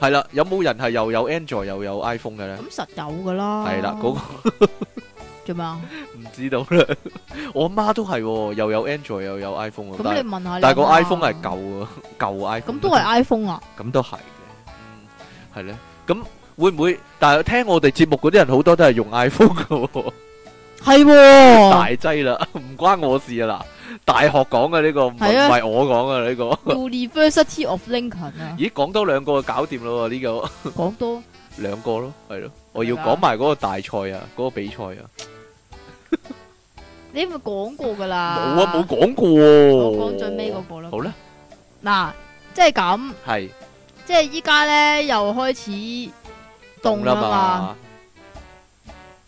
Speaker 1: 係啦，有冇人係又有 Android 又有 iPhone 嘅咧？咁
Speaker 2: 實有噶啦，係啦，嗰個做咩啊？
Speaker 1: 唔知道咧。我阿媽都係，又有 Android 又有 iPhone。咁你問下，但個 iPhone 係舊嘅，舊 iPhone。咁都
Speaker 2: 係 iPhone 啊？
Speaker 1: 咁都係，係咧。咁會唔會？但係聽我哋節目嗰啲人好多都係用 iPhone
Speaker 2: 嘅，係大
Speaker 1: 劑啦，唔關我事啊嗱。大學講嘅呢個唔係、啊、我講嘅呢個。The
Speaker 2: University of Lincoln
Speaker 1: 啊。咦，講多兩個搞掂啦喎呢個講多。講多兩個咯，係咯。我要講埋嗰個大賽啊，嗰、啊、個比賽啊。 你
Speaker 2: 係咪講過噶啦？冇 啊，冇講
Speaker 1: 過、啊。我講最尾嗰個啦。好咧吧。
Speaker 2: 嗱，即係咁。
Speaker 1: 係是。
Speaker 2: 即係依家咧，又開始凍啦嘛。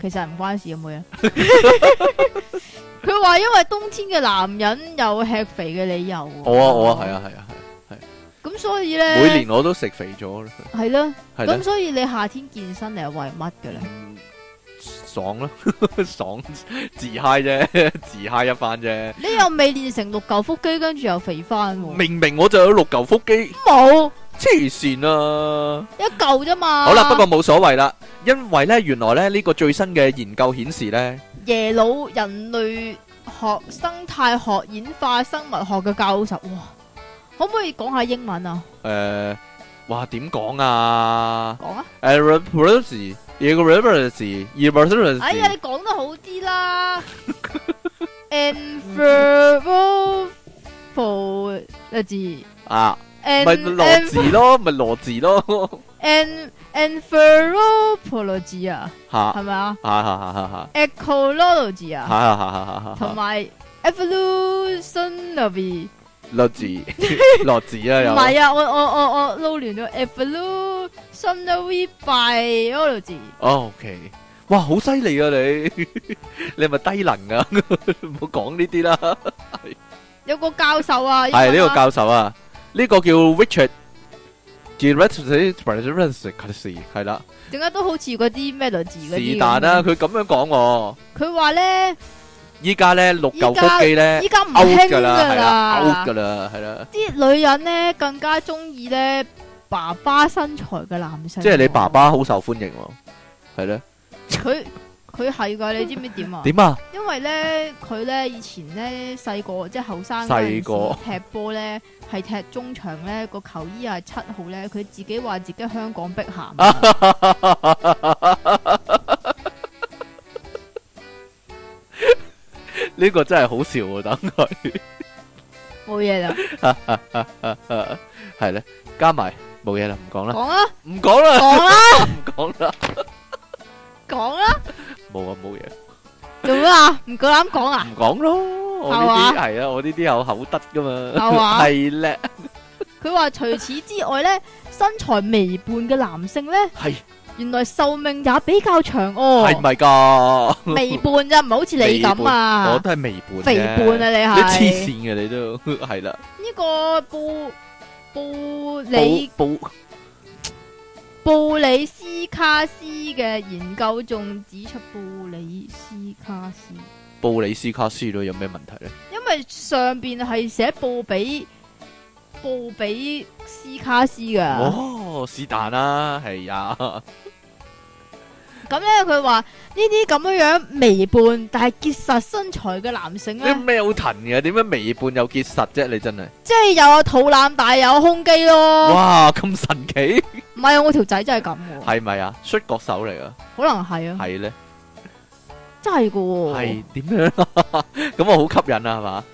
Speaker 2: 其實唔關事嘅妹啊，佢話 因為冬天嘅男人有吃肥嘅理由。好啊吧好啊，係
Speaker 1: 啊，係啊，係係。
Speaker 2: 咁、啊、所以咧，每年
Speaker 1: 我都食肥咗。係
Speaker 2: 咯、啊，咁、啊、所以你夏天健身係為乜嘅咧？
Speaker 1: 爽啦，爽自嗨啫，自嗨一番啫。
Speaker 2: 你又未練成六嚿腹肌，跟住又肥翻。
Speaker 1: 明明我就有六嚿腹肌，冇。黐線啊！
Speaker 2: 一嚿啫嘛。好啦，不過
Speaker 1: 冇所謂啦，因為咧，原來咧呢個最新嘅研究顯示咧，
Speaker 2: 耶魯人類學生態學演化生物學嘅教授，哇，可唔可以講下英文啊？
Speaker 1: 誒，哇，點講啊？講啊！University University，哎呀，你
Speaker 2: 講得好啲啦。Involvement 啊字
Speaker 1: 啊。咪羅字咯，咪羅字咯。
Speaker 2: An anthropology 啊，係咪啊？係
Speaker 1: 係係係
Speaker 2: 係。Ecology 啊，係係係係係。同埋 evolutionary biology，
Speaker 1: 羅字羅字啦。唔係
Speaker 2: 啊，我我我我撈亂咗 evolutionary biology。
Speaker 1: Okay，哇，好犀利啊！你你係咪低能啊？唔好講呢啲啦。
Speaker 2: 有個教授啊，係呢個教授
Speaker 1: 啊。呢個叫 Richard 係啦，點
Speaker 2: 解都好似啲咩字是但啊，
Speaker 1: 佢咁樣講，佢話咧，依家咧，六舊腹肌咧，依家唔輕噶啦，係啦在，Out 噶啦，係啦。啲
Speaker 2: 女人咧，更加中意咧爸爸身材嘅男性，即係你
Speaker 1: 爸爸好受歡迎喎、啊，係咧。
Speaker 2: 佢。佢係噶，你知唔知點啊？點啊？因為咧，佢咧以前咧細個即係後生，細個踢波咧係踢中場咧個球衣啊。七號咧，佢自己話自己香港碧咸。
Speaker 1: 呢 個真係好笑啊！等佢冇嘢啦。係、啊、咧、啊啊，加埋冇嘢啦，唔講啦。講啦，唔講啦，講啦，唔講啦，
Speaker 2: 講啦。冇啊，冇嘢。做咩啊？唔夠膽講啊？唔
Speaker 1: 講咯。係啊，係啊，我呢啲有口德噶嘛。係啊，係叻。
Speaker 2: 佢話除此之外咧，身材微胖嘅男性咧，係原來壽命也比較長哦。係
Speaker 1: 唔係噶？微胖咋，唔係好似你咁啊。我都係微胖。肥胖啊，你係。你黐線嘅你都係啦。
Speaker 2: 呢個布布你布。布里斯卡斯嘅研究仲指出，布里斯卡斯
Speaker 1: 布里斯卡斯都有咩問題咧？
Speaker 2: 因為上邊係寫布比布比斯卡斯㗎，哦，
Speaker 1: 是但啦，係啊。
Speaker 2: 咁咧，佢話呢啲咁樣樣微胖但係結實身材嘅男性咧，
Speaker 1: 咩好騰嘅？點樣微胖又結實啫？你真係，
Speaker 2: 即係有肚腩大有胸肌咯。
Speaker 1: 哇，咁神奇！
Speaker 2: 唔係啊我條仔真係咁嘅。
Speaker 1: 係咪啊？摔角手嚟噶？
Speaker 2: 可能係啊。係咧，真係噶。係
Speaker 1: 點樣啊？咁啊，好吸引啊，係嘛？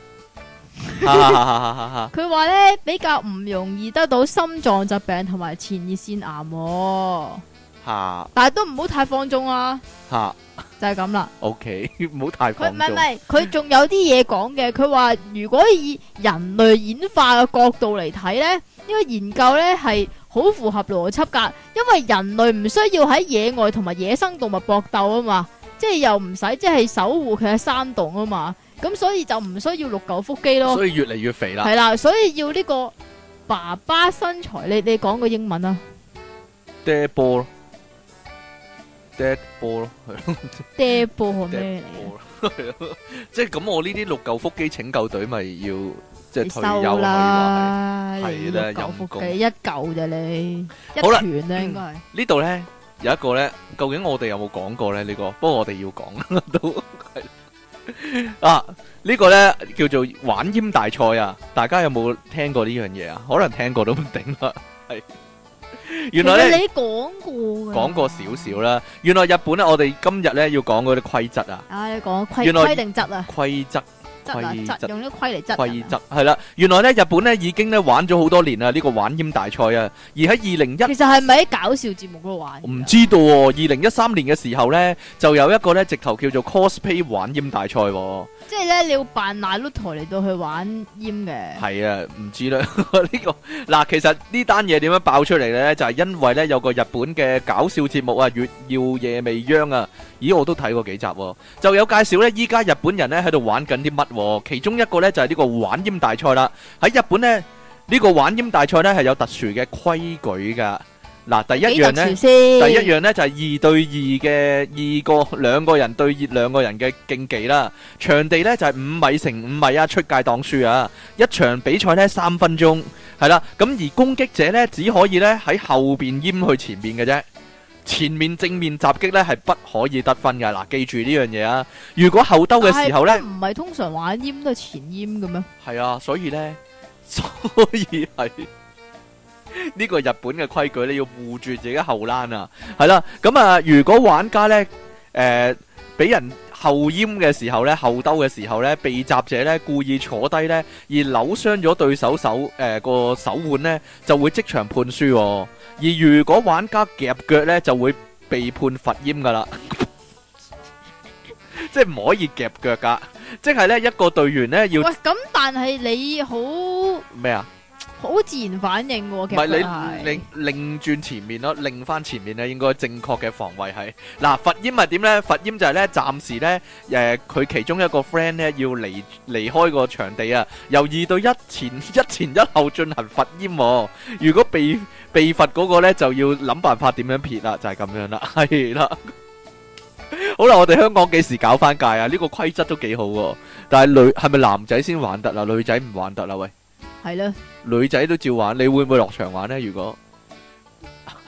Speaker 1: 佢
Speaker 2: 話咧，比較唔容易得到心臟疾病同埋前列腺癌啊。
Speaker 1: 吓，哈 但
Speaker 2: 係都唔好太放縱啊，
Speaker 1: 吓哈，就係咁啦。O K，唔好太放。唔係唔係，
Speaker 2: 佢仲有啲嘢講嘅。佢話 如果以人類演化嘅角度嚟睇咧，呢、呢個研究咧係好符合邏輯噶。因為人類唔需要喺野外同埋野生動物搏鬥啊嘛，即係又唔使即係守護佢喺山洞啊嘛，咁所以就唔需要六嚿腹肌咯。所以越嚟
Speaker 1: 越肥啦。係啦，
Speaker 2: 所以要呢個爸爸身材。你你講個英文啊？
Speaker 1: 爹波。 跌波咯，係咯，跌波好咩嚟？
Speaker 2: 跌波咯，係咯，
Speaker 1: 即係咁。我呢啲六舊腹肌拯救隊咪要即係退休係啦，
Speaker 2: 六舊腹肌一舊咋你？好啦，呢度咧
Speaker 1: 有一個咧，究竟我哋有冇講過咧呢個？不過我哋要講都係啊，呢個咧叫做玩煙大賽啊！大家有冇聽過呢樣嘢啊？可能聽過都唔頂啦，係。
Speaker 2: 原來你講過，講過
Speaker 1: 少少啦。原來日本咧，我哋今日咧要講嗰啲規則啊。
Speaker 2: 啊，講規規定則啊，
Speaker 1: 規則來。用啲規嚟規則係啦，原來呢，日本呢已經呢玩咗好多年啦呢，這個玩閹大賽啊，而喺二零一其
Speaker 2: 實係咪喺搞笑節目嗰度玩？唔
Speaker 1: 知道，二零一三年嘅時候呢，就有一個呢直頭叫做 cosplay 玩閹大賽，啊，
Speaker 2: 即係呢，你要扮 Naruto 嚟到去玩閹嘅。
Speaker 1: 係啊，唔知、 這個、啦呢個嗱，其實呢單嘢點樣爆出嚟呢？就係、是、因為呢，有個日本嘅搞笑節目啊，月曜夜未央啊。咦，我都睇過幾集喎，就有介紹呢，依家日本人呢喺度玩緊啲乜？其中一個呢就係呢個玩閹大賽啦。喺日本呢，呢、呢個玩閹大賽呢係有特殊嘅規矩噶。嗱，第一樣呢，第一樣呢就係二對二嘅二個兩個人對二兩個人嘅競技啦。場地呢就係五米乘五米啊，出界當輸啊。一場比賽呢，三分鐘，係啦。咁而攻擊者呢，只可以呢喺後邊閹去前面嘅啫。前面正面襲擊呢係不可以得分嘅。嗱記住呢樣嘢啊！如果後兜嘅時候呢，
Speaker 2: 唔係通常玩閹都係前閹嘅咩？
Speaker 1: 係啊，所以呢，所以係呢 個日本嘅規矩呢，要護住自己後欄啊！係啦、啊，咁啊，如果玩家呢誒俾、呃、人後閹嘅時候呢，後兜嘅時候呢，被襲者呢故意坐低呢，而扭傷咗對手手誒個、呃、手腕呢，就會即場判輸、啊。而如果玩家夾腳呢，就會被判罰淹噶啦，即係唔可以夾腳噶。即係呢一個隊員呢，要喂
Speaker 2: 咁，但係你好咩啊？麼好自然反應嘅，其實你擰
Speaker 1: 擰轉前面咯，擰翻前面呢應該正確嘅防衛係嗱。罰淹係點呢？罰淹就係呢，暫時呢，誒、呃，佢其中一個 friend 呢，要離離開個場地啊，由二到一前一前一後進行罰淹、啊。如果被 被罰嗰個咧就要諗辦法點樣撇啦，就係咁樣啦，係啦。好啦，我哋香港幾時搞翻界啊？呢個規則都幾好喎，但係女係咪男仔先玩得啦？女仔唔玩得啦？喂，係啦，女仔都照玩，你會唔會落場玩咧？如果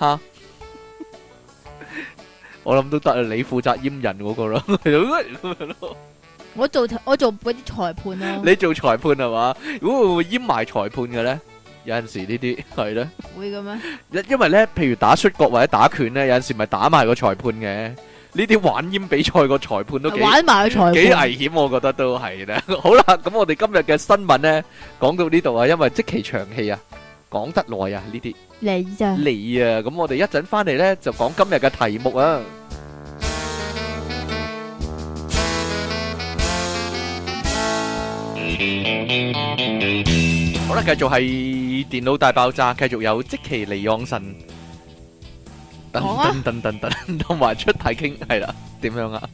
Speaker 1: 吓，我諗都得啊，你負責閹人嗰個咯，
Speaker 2: 我做我做嗰啲裁判啦，你
Speaker 1: 做裁判係嘛？如果會唔會閹埋裁判嘅咧？有陣時呢啲係咧，會咁
Speaker 2: 樣。
Speaker 1: 因因為咧，譬如打出國或者打拳咧，有陣時咪打埋個裁判嘅。呢啲玩煙比賽個裁判都幾危險，幾危險我覺得都係啦。好啦，咁我哋今日嘅新聞咧，講到呢度啊，因為即期長氣啊，講得耐啊，呢啲你咋？你啊，咁我哋一陣翻嚟咧，就講今日嘅題目啊。好啦，繼續係電腦大爆炸，繼續有積淇離岸神，噔噔噔噔噔，同埋出體 king 係啦，點樣啊？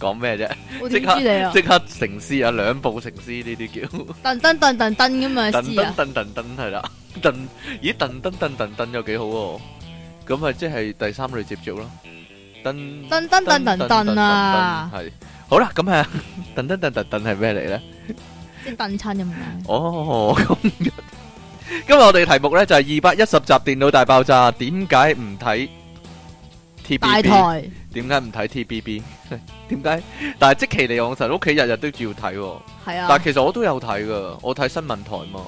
Speaker 1: 講咩啫？我點知你啊？即刻成詩啊，兩步成詩呢啲叫
Speaker 2: 噔噔噔噔噔咁啊？噔噔
Speaker 1: 噔噔噔係啦，噔咦噔噔噔噔噔又幾好哦？咁啊即係第三類接觸啦，噔噔噔噔噔啊！係好啦，咁啊噔噔噔噔噔係咩嚟咧？燉親咁樣哦，今日我哋嘅題目咧就係二百一十集電腦大爆炸，點解唔睇 TBB？點解唔睇 TBB？點解？但係積淇離岸神，屋企日日都要睇，係啊。但係其實我都有睇噶，我睇新聞台嘛。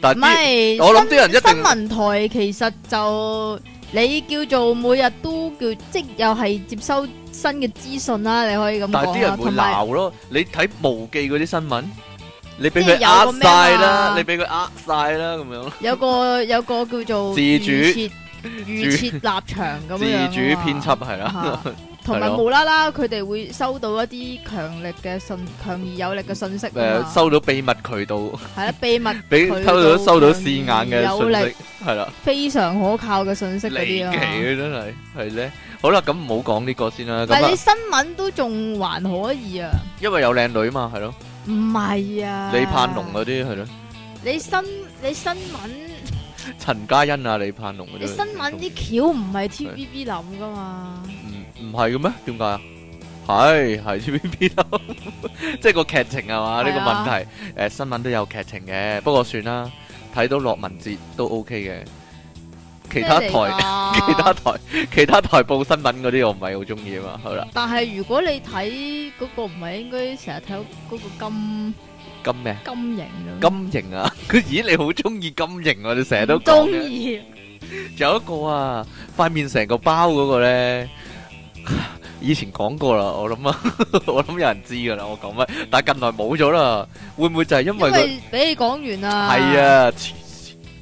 Speaker 1: 但係我諗啲人，新聞
Speaker 2: 台其實就你叫做每日都叫即又係接收新嘅資訊啦。你可以咁講，但係啲人會鬧
Speaker 1: 咯。你睇無記嗰啲新聞。你俾佢壓晒啦，你俾佢壓晒啦，咁樣。
Speaker 2: 有個有個叫做自主預設預設立場咁樣。自主編輯係啦，
Speaker 1: 同埋無啦
Speaker 2: 啦佢哋會收到一啲強力嘅信，強而有力嘅信息。誒，收
Speaker 1: 到秘密渠道。
Speaker 2: 係啦，秘密。俾偷到收到收到
Speaker 1: 視眼嘅信息。係啦，
Speaker 2: 非常可靠嘅信息嗰啲咯。
Speaker 1: 離奇啊，真係係咧。好啦，咁唔好講呢個先啦。但係你
Speaker 2: 新聞都仲還可以啊。
Speaker 1: 因為有靚女嘛，係咯。
Speaker 2: 唔係啊，李盼
Speaker 1: 龍嗰啲係咯，
Speaker 2: 你新你新聞
Speaker 1: 陳嘉欣啊，李盼龍嗰啲你新聞啲
Speaker 2: 橋唔係 T V B 諗噶嘛，唔唔
Speaker 1: 係嘅咩？點解 啊？係係 T V B 諗，即係個劇情係嘛？呢個問題誒、呃，新聞都有劇情嘅，不過算啦，睇到駱文哲都 O K 嘅。其他台、其他台、其他台報新聞嗰啲，我唔係好中意啊，好啦。
Speaker 2: 但係如果你睇嗰、嗰個唔係，應該成日睇嗰個金金咩？金瑩營啊！金
Speaker 1: 瑩啊！佢咦，你好中意金瑩啊？你成日都中
Speaker 2: 意。
Speaker 1: 仲有一個啊，塊面成個包嗰個咧，以前講過啦，我諗啊， 我諗有人知噶啦，我講乜？但係近來冇咗啦，會唔會就係因為？因為
Speaker 2: 俾你講完啊？係啊。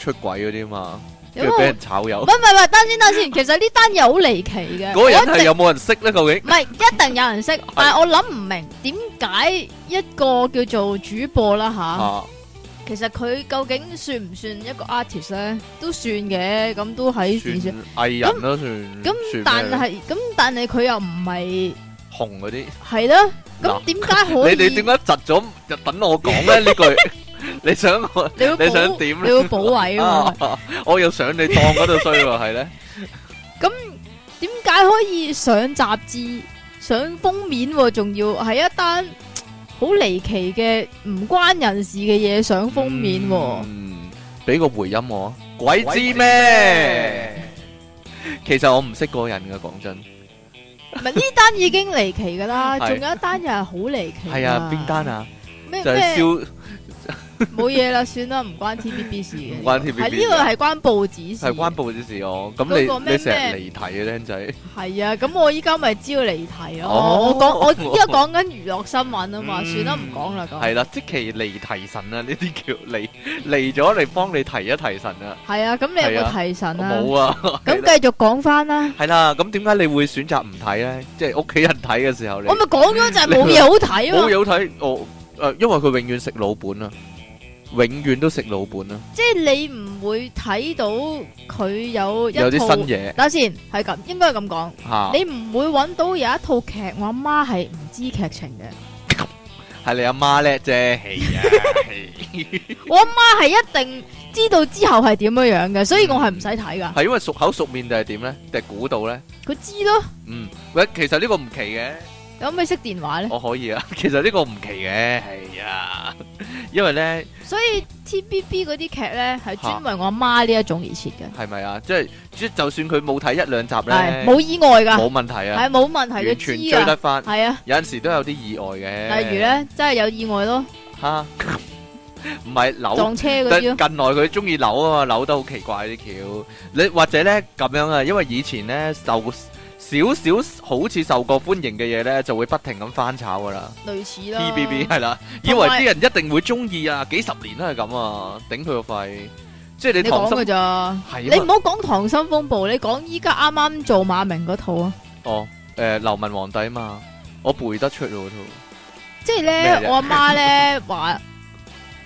Speaker 1: 出軌嗰啲嘛，要俾人炒魷。唔
Speaker 2: 係唔係，等先等先。其實呢單嘢好離奇嘅。嗰個人係有
Speaker 1: 冇人識咧？究竟？
Speaker 2: 唔係，一定有人識。但係我諗唔明點解一個叫做主播啦吓，其實佢究竟算唔算一個 artist 咧？都算嘅，咁都喺算算
Speaker 1: 藝人咯，算。咁但係
Speaker 2: 咁但係佢又唔係。紅嗰啲係咯，咁點解可以？你你點
Speaker 1: 解窒咗就等我講咧？呢句你想你想點咧？你要補位啊！我要上你檔嗰度衰喎，係咧。
Speaker 2: 咁點解可以上雜誌、上封面，仲要係一單好離奇嘅唔關人事嘅嘢上封面？嗯，
Speaker 1: 俾個回音我，鬼知咩？其實我唔識個人噶，講真。
Speaker 2: 唔係呢單已經離奇㗎啦，仲 有一單又係好離奇。係啊，邊單啊？咩麼？就冇嘢啦，算啦，唔關 TBB 事嘅，唔關 TBB，係呢個係關報紙事，係
Speaker 1: 關報紙事哦。咁你咩成日離題嘅，靚仔
Speaker 2: 係啊。咁我依家咪知道離題咯。我講我依家講緊娛樂新聞啊嘛，算啦，唔講啦。咁係
Speaker 1: 啦，即期嚟提神啊！呢啲叫嚟嚟咗嚟幫你提一提神啊。係啊，咁你有冇提神啊？冇啊。咁
Speaker 2: 繼續講翻啦。
Speaker 1: 係啦，咁點解你會選擇唔睇咧？即係屋企人睇嘅時候，我
Speaker 2: 咪講咗就係冇嘢好睇啊嘛，冇嘢好睇，
Speaker 1: 我誒，因為佢永遠食老本啊。永遠都食老本咯，啊，
Speaker 2: 即係你唔會睇到佢有一有啲新嘢。等下先，係咁，應該係咁講。吓，啊，你唔會揾到有一套劇，我阿媽係唔知劇情嘅。
Speaker 1: 係你阿媽叻啫。
Speaker 2: 我阿媽係一定知道之後係點樣樣嘅，所以我係唔使睇噶。係、嗯、
Speaker 1: 因為熟口熟面定係點咧？定係估到咧？
Speaker 2: 佢知咯。
Speaker 1: 嗯，喂，其實呢個唔奇嘅。
Speaker 2: 有冇咩識電話咧？我
Speaker 1: 可以啊，其實呢個唔奇嘅，係啊，因為咧，
Speaker 2: 所以 TBB 嗰啲劇咧係專為我阿媽呢一種而設嘅，
Speaker 1: 係咪啊？即係即就算佢冇睇一兩集咧，冇、啊、意外噶，冇問題啊，係冇、啊、問題，完全知追得翻，係啊，有陣時都有啲意外嘅，例如咧，
Speaker 2: 真係有意外咯，
Speaker 1: 吓哈，唔係扭撞車嗰啲，近來佢中意扭啊嘛，扭得好奇怪啲橋，你或者咧咁樣啊，因為以前咧就。少少好似受過歡迎嘅嘢咧，就會不停咁翻炒噶啦。
Speaker 2: 類似啦，TBB
Speaker 1: 係啦，有以為啲人一定會中意啊，幾十年都係咁啊，頂佢個肺。即係你唐，你講噶咋？係嗎。你唔好
Speaker 2: 講《溏心風暴》，你講依家啱啱做馬明嗰套
Speaker 1: 啊。哦，誒、呃，劉文皇帝啊嘛，我背得出嗰套。
Speaker 2: 即係咧，我阿媽咧話。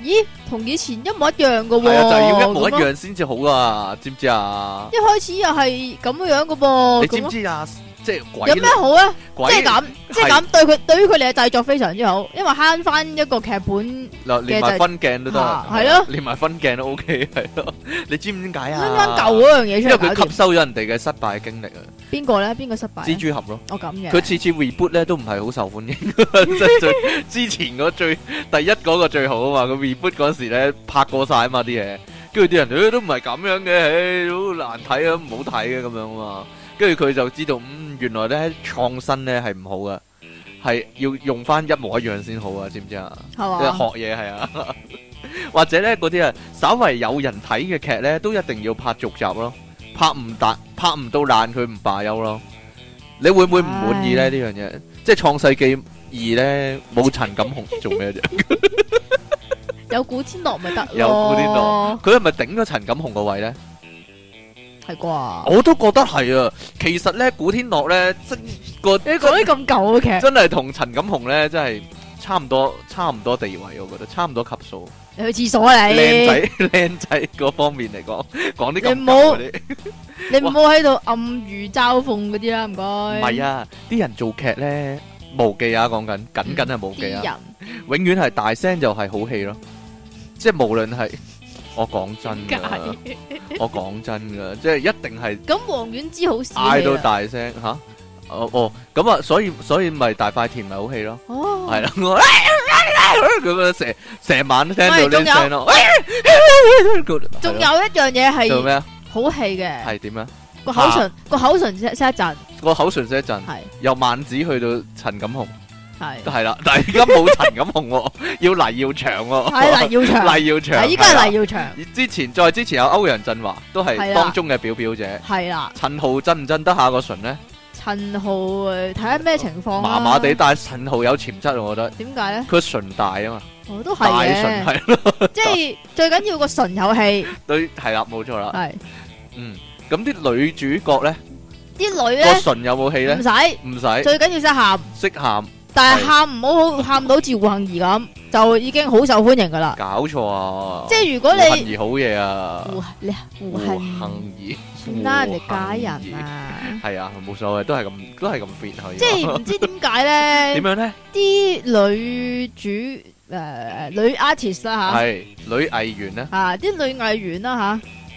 Speaker 2: 咦，同以前一模一樣噶喎，係啊，就係、是、要一模一樣
Speaker 1: 先至好啊，知唔知啊？一
Speaker 2: 開始又係咁樣噶噃，哦，你知唔知啊？即有咩好啊？即係咁，即係咁對佢是對於佢哋嘅製作非常之好，因為慳翻一個劇本連埋分鏡都得，係咯，
Speaker 1: 連埋分鏡都 OK，係咯。你知唔知點解啊？啱啱舊嗰樣嘢出嚟，因為佢吸收咗人哋嘅失敗嘅經歷啊。
Speaker 2: 邊個咧？邊個失敗？蜘蛛俠咯，我咁嘅。佢
Speaker 1: 次次 reboot 咧都唔係好受歡迎，即係 最之前嗰最第一嗰個最好啊嘛。佢 reboot 嗰時咧拍過晒啊嘛啲嘢，跟住啲人誒都唔係咁樣嘅，好難睇啊，唔好睇嘅咁樣啊嘛。跟住佢就知道、嗯原來咧創新咧係唔好噶，係要用翻一模一樣先好啊，知唔知吧啊？係嘛，學嘢係啊。或者咧嗰啲啊，稍為有人睇嘅劇咧，都一定要拍續集咯。拍唔達，拍唔到爛，佢唔罷休咯。你會唔會唔滿意咧呢樣嘢是？即係創世紀二咧，冇陳錦鴻做咩啫？
Speaker 2: 有古天樂咪得有古天樂。
Speaker 1: 佢係咪頂咗陳錦鴻個位咧？
Speaker 2: 係啩，我
Speaker 1: 都覺得係啊。其實咧，古天樂咧，即個你講啲咁舊嘅劇，真係同陳錦鴻咧，真係差唔多，差唔多地位，我覺得差唔多級數。
Speaker 2: 你去廁所、啊、你，靚仔
Speaker 1: 靚仔嗰方面嚟講，講啲咁唔
Speaker 2: 好，你唔好喺度暗語嘲諷嗰啲啦，唔該。唔係啊，
Speaker 1: 啲人做劇咧無忌啊，講緊緊緊係無忌啊， 永遠係大聲就係好戲咯，即係無論係。我講真噶，我講真噶，即係一定係。
Speaker 2: 咁王菀之好笑，嗌到大
Speaker 1: 聲吓，哦哦，咁啊，所以所以咪大塊田咪好氣咯，係啦，佢個成成晚都聽到呢聲咯。仲有仲有
Speaker 2: 一樣嘢係做咩啊？好氣嘅係點啊？個口唇個口唇息息一陣，
Speaker 1: 個口唇息一陣，係由萬紫去到陳錦鴻。係都係啦，但係而家冇陳咁紅，要黎耀祥喎。係黎耀祥，黎耀祥，但係而家係黎耀祥。之前再之前有歐陽震華，都係當中嘅表表姐。係啦。陳豪真唔真得下個唇咧？
Speaker 2: 陳豪睇下咩情況。麻麻地，
Speaker 1: 但係陳豪有潛質，我覺得。點解咧？佢唇大啊嘛。
Speaker 2: 我都係大唇係咯。即係最緊要個唇有氣。
Speaker 1: 對，係啦，冇錯啦。係。嗯，咁啲女主角咧？
Speaker 2: 啲女咧？個唇
Speaker 1: 有冇氣咧？唔使，唔使。最緊要識喊，識喊。但係喊
Speaker 2: 唔好，喊到好似胡杏兒咁，就已經好受歡迎噶啦。
Speaker 1: 搞錯啊！即係如果你，杏兒好嘢啊！胡杏兒，嗱你
Speaker 2: 假人啊，
Speaker 1: 係啊，冇所謂，都係咁，都係咁 fit 可以。即係唔知
Speaker 2: 點解咧？點樣咧？啲女主誒，女 artist 啦吓，係
Speaker 1: 女藝員咧，
Speaker 2: 啊，啲女藝員啦吓。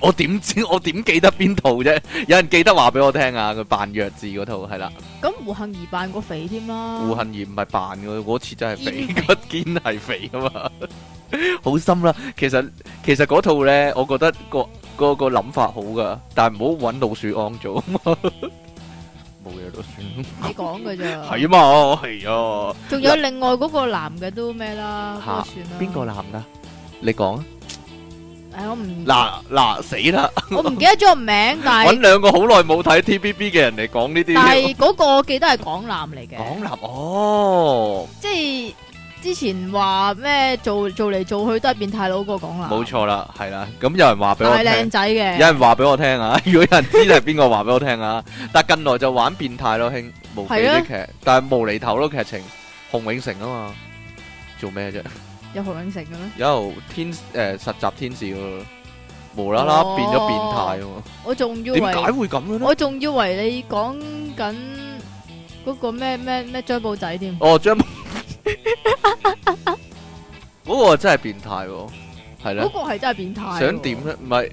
Speaker 1: 我點知我點記得邊套啫？有人記得話俾我聽啊！佢扮弱智嗰套係啦。
Speaker 2: 咁胡杏兒扮過肥添啦。胡杏
Speaker 1: 兒唔係扮嘅，嗰次真係肥，佢堅係肥啊嘛。好深啦，其實其實嗰套咧，我覺得個個個諗法好噶，但係唔好搵老鼠安做。冇嘢都算。
Speaker 2: 你講嘅咋？係啊嘛，係
Speaker 1: 啊。仲有
Speaker 2: 另外嗰個男嘅都咩啦？邊個
Speaker 1: 男噶？你講啊！.唉，我唔嗱嗱死啦！啦死
Speaker 2: 我唔記得咗個名， 但係揾兩
Speaker 1: 個好耐冇睇 T V B 嘅人嚟講呢啲。但係
Speaker 2: 嗰個我記得係港男嚟
Speaker 1: 嘅。港男哦，即，
Speaker 2: 即係之前話咩做做嚟做去都係變態佬個港男錯。
Speaker 1: 冇錯啦，係啦。咁有人話俾我聽，係靚仔嘅。有人話俾我聽啊！如果有人知你係邊個話俾我聽啊？ 但係近來就玩變態咯，兄無、啊、無厘的劇，但係無厘頭咯，劇情。洪永城啊嘛，做咩啫？
Speaker 2: 有何永成嘅咧？
Speaker 1: 有天誒、呃、實習天使嘅咯，無啦啦變咗變態喎、哦！我仲點解會咁嘅咧？我
Speaker 2: 仲以為你講緊嗰個咩咩咩張布仔添。
Speaker 1: 哦，張布嗰個真係變態喎，係啦。嗰個
Speaker 2: 係真係變態。 想
Speaker 1: 點咧？唔係。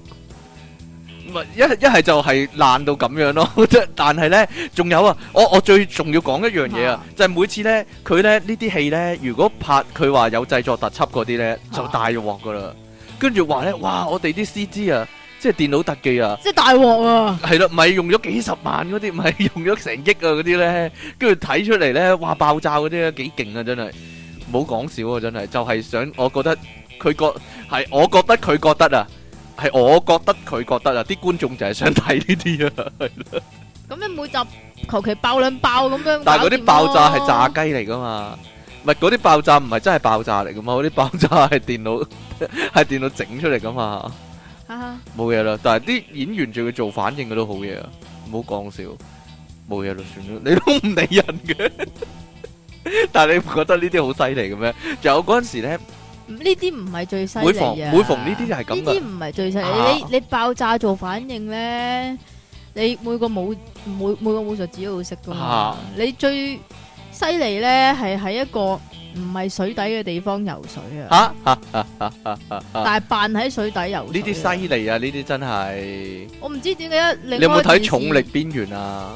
Speaker 1: 唔係一係一係就係爛到咁樣咯，即係但係咧，仲有啊，我我最重要講一樣嘢啊，就係每次咧，佢咧，呢啲戲咧，如果拍佢話有製作特輯嗰啲咧，就大鑊噶啦，跟住話咧，哇，我哋啲 CG 啊，即係電腦特技啊，即係
Speaker 2: 大鑊啊，
Speaker 1: 係咯，咪用咗幾十萬嗰啲，咪用咗成億啊嗰啲咧，跟住睇出嚟咧，哇，爆炸嗰啲啊，幾勁啊，真係，唔好講笑啊，真係，就係想，我覺得佢覺係，我覺得佢覺得啊。係我覺得佢覺得啊，啲觀眾就係想睇呢啲啊，係 啦了。
Speaker 2: 咁你每集求其爆兩 爆咁樣， 但係嗰啲爆炸係炸
Speaker 1: 雞嚟噶嘛？唔係嗰啲爆炸唔係真係爆炸嚟噶嘛？嗰啲爆炸係電腦係電腦整出嚟噶嘛？冇嘢啦，但係啲演員仲要做反應，佢都好嘢啊！唔好講笑，冇嘢就算啦。你都唔理人嘅， 但係你唔覺得呢啲好犀利嘅咩？仲有嗰陣時咧，
Speaker 2: 呢啲唔係最犀利嘅，每逢呢啲就係咁。呢啲唔係最犀利，啊、你你爆炸做反應咧，你每個武每每個武術自己都會識噶嘛。啊、你最犀利咧係喺一個唔係水底嘅地方游水啊！吓、啊
Speaker 1: 啊啊、但係
Speaker 2: 扮喺水底游。呢啲犀
Speaker 1: 利啊！呢啲真係。
Speaker 2: 我唔知點解你你有冇睇重力
Speaker 1: 邊緣啊？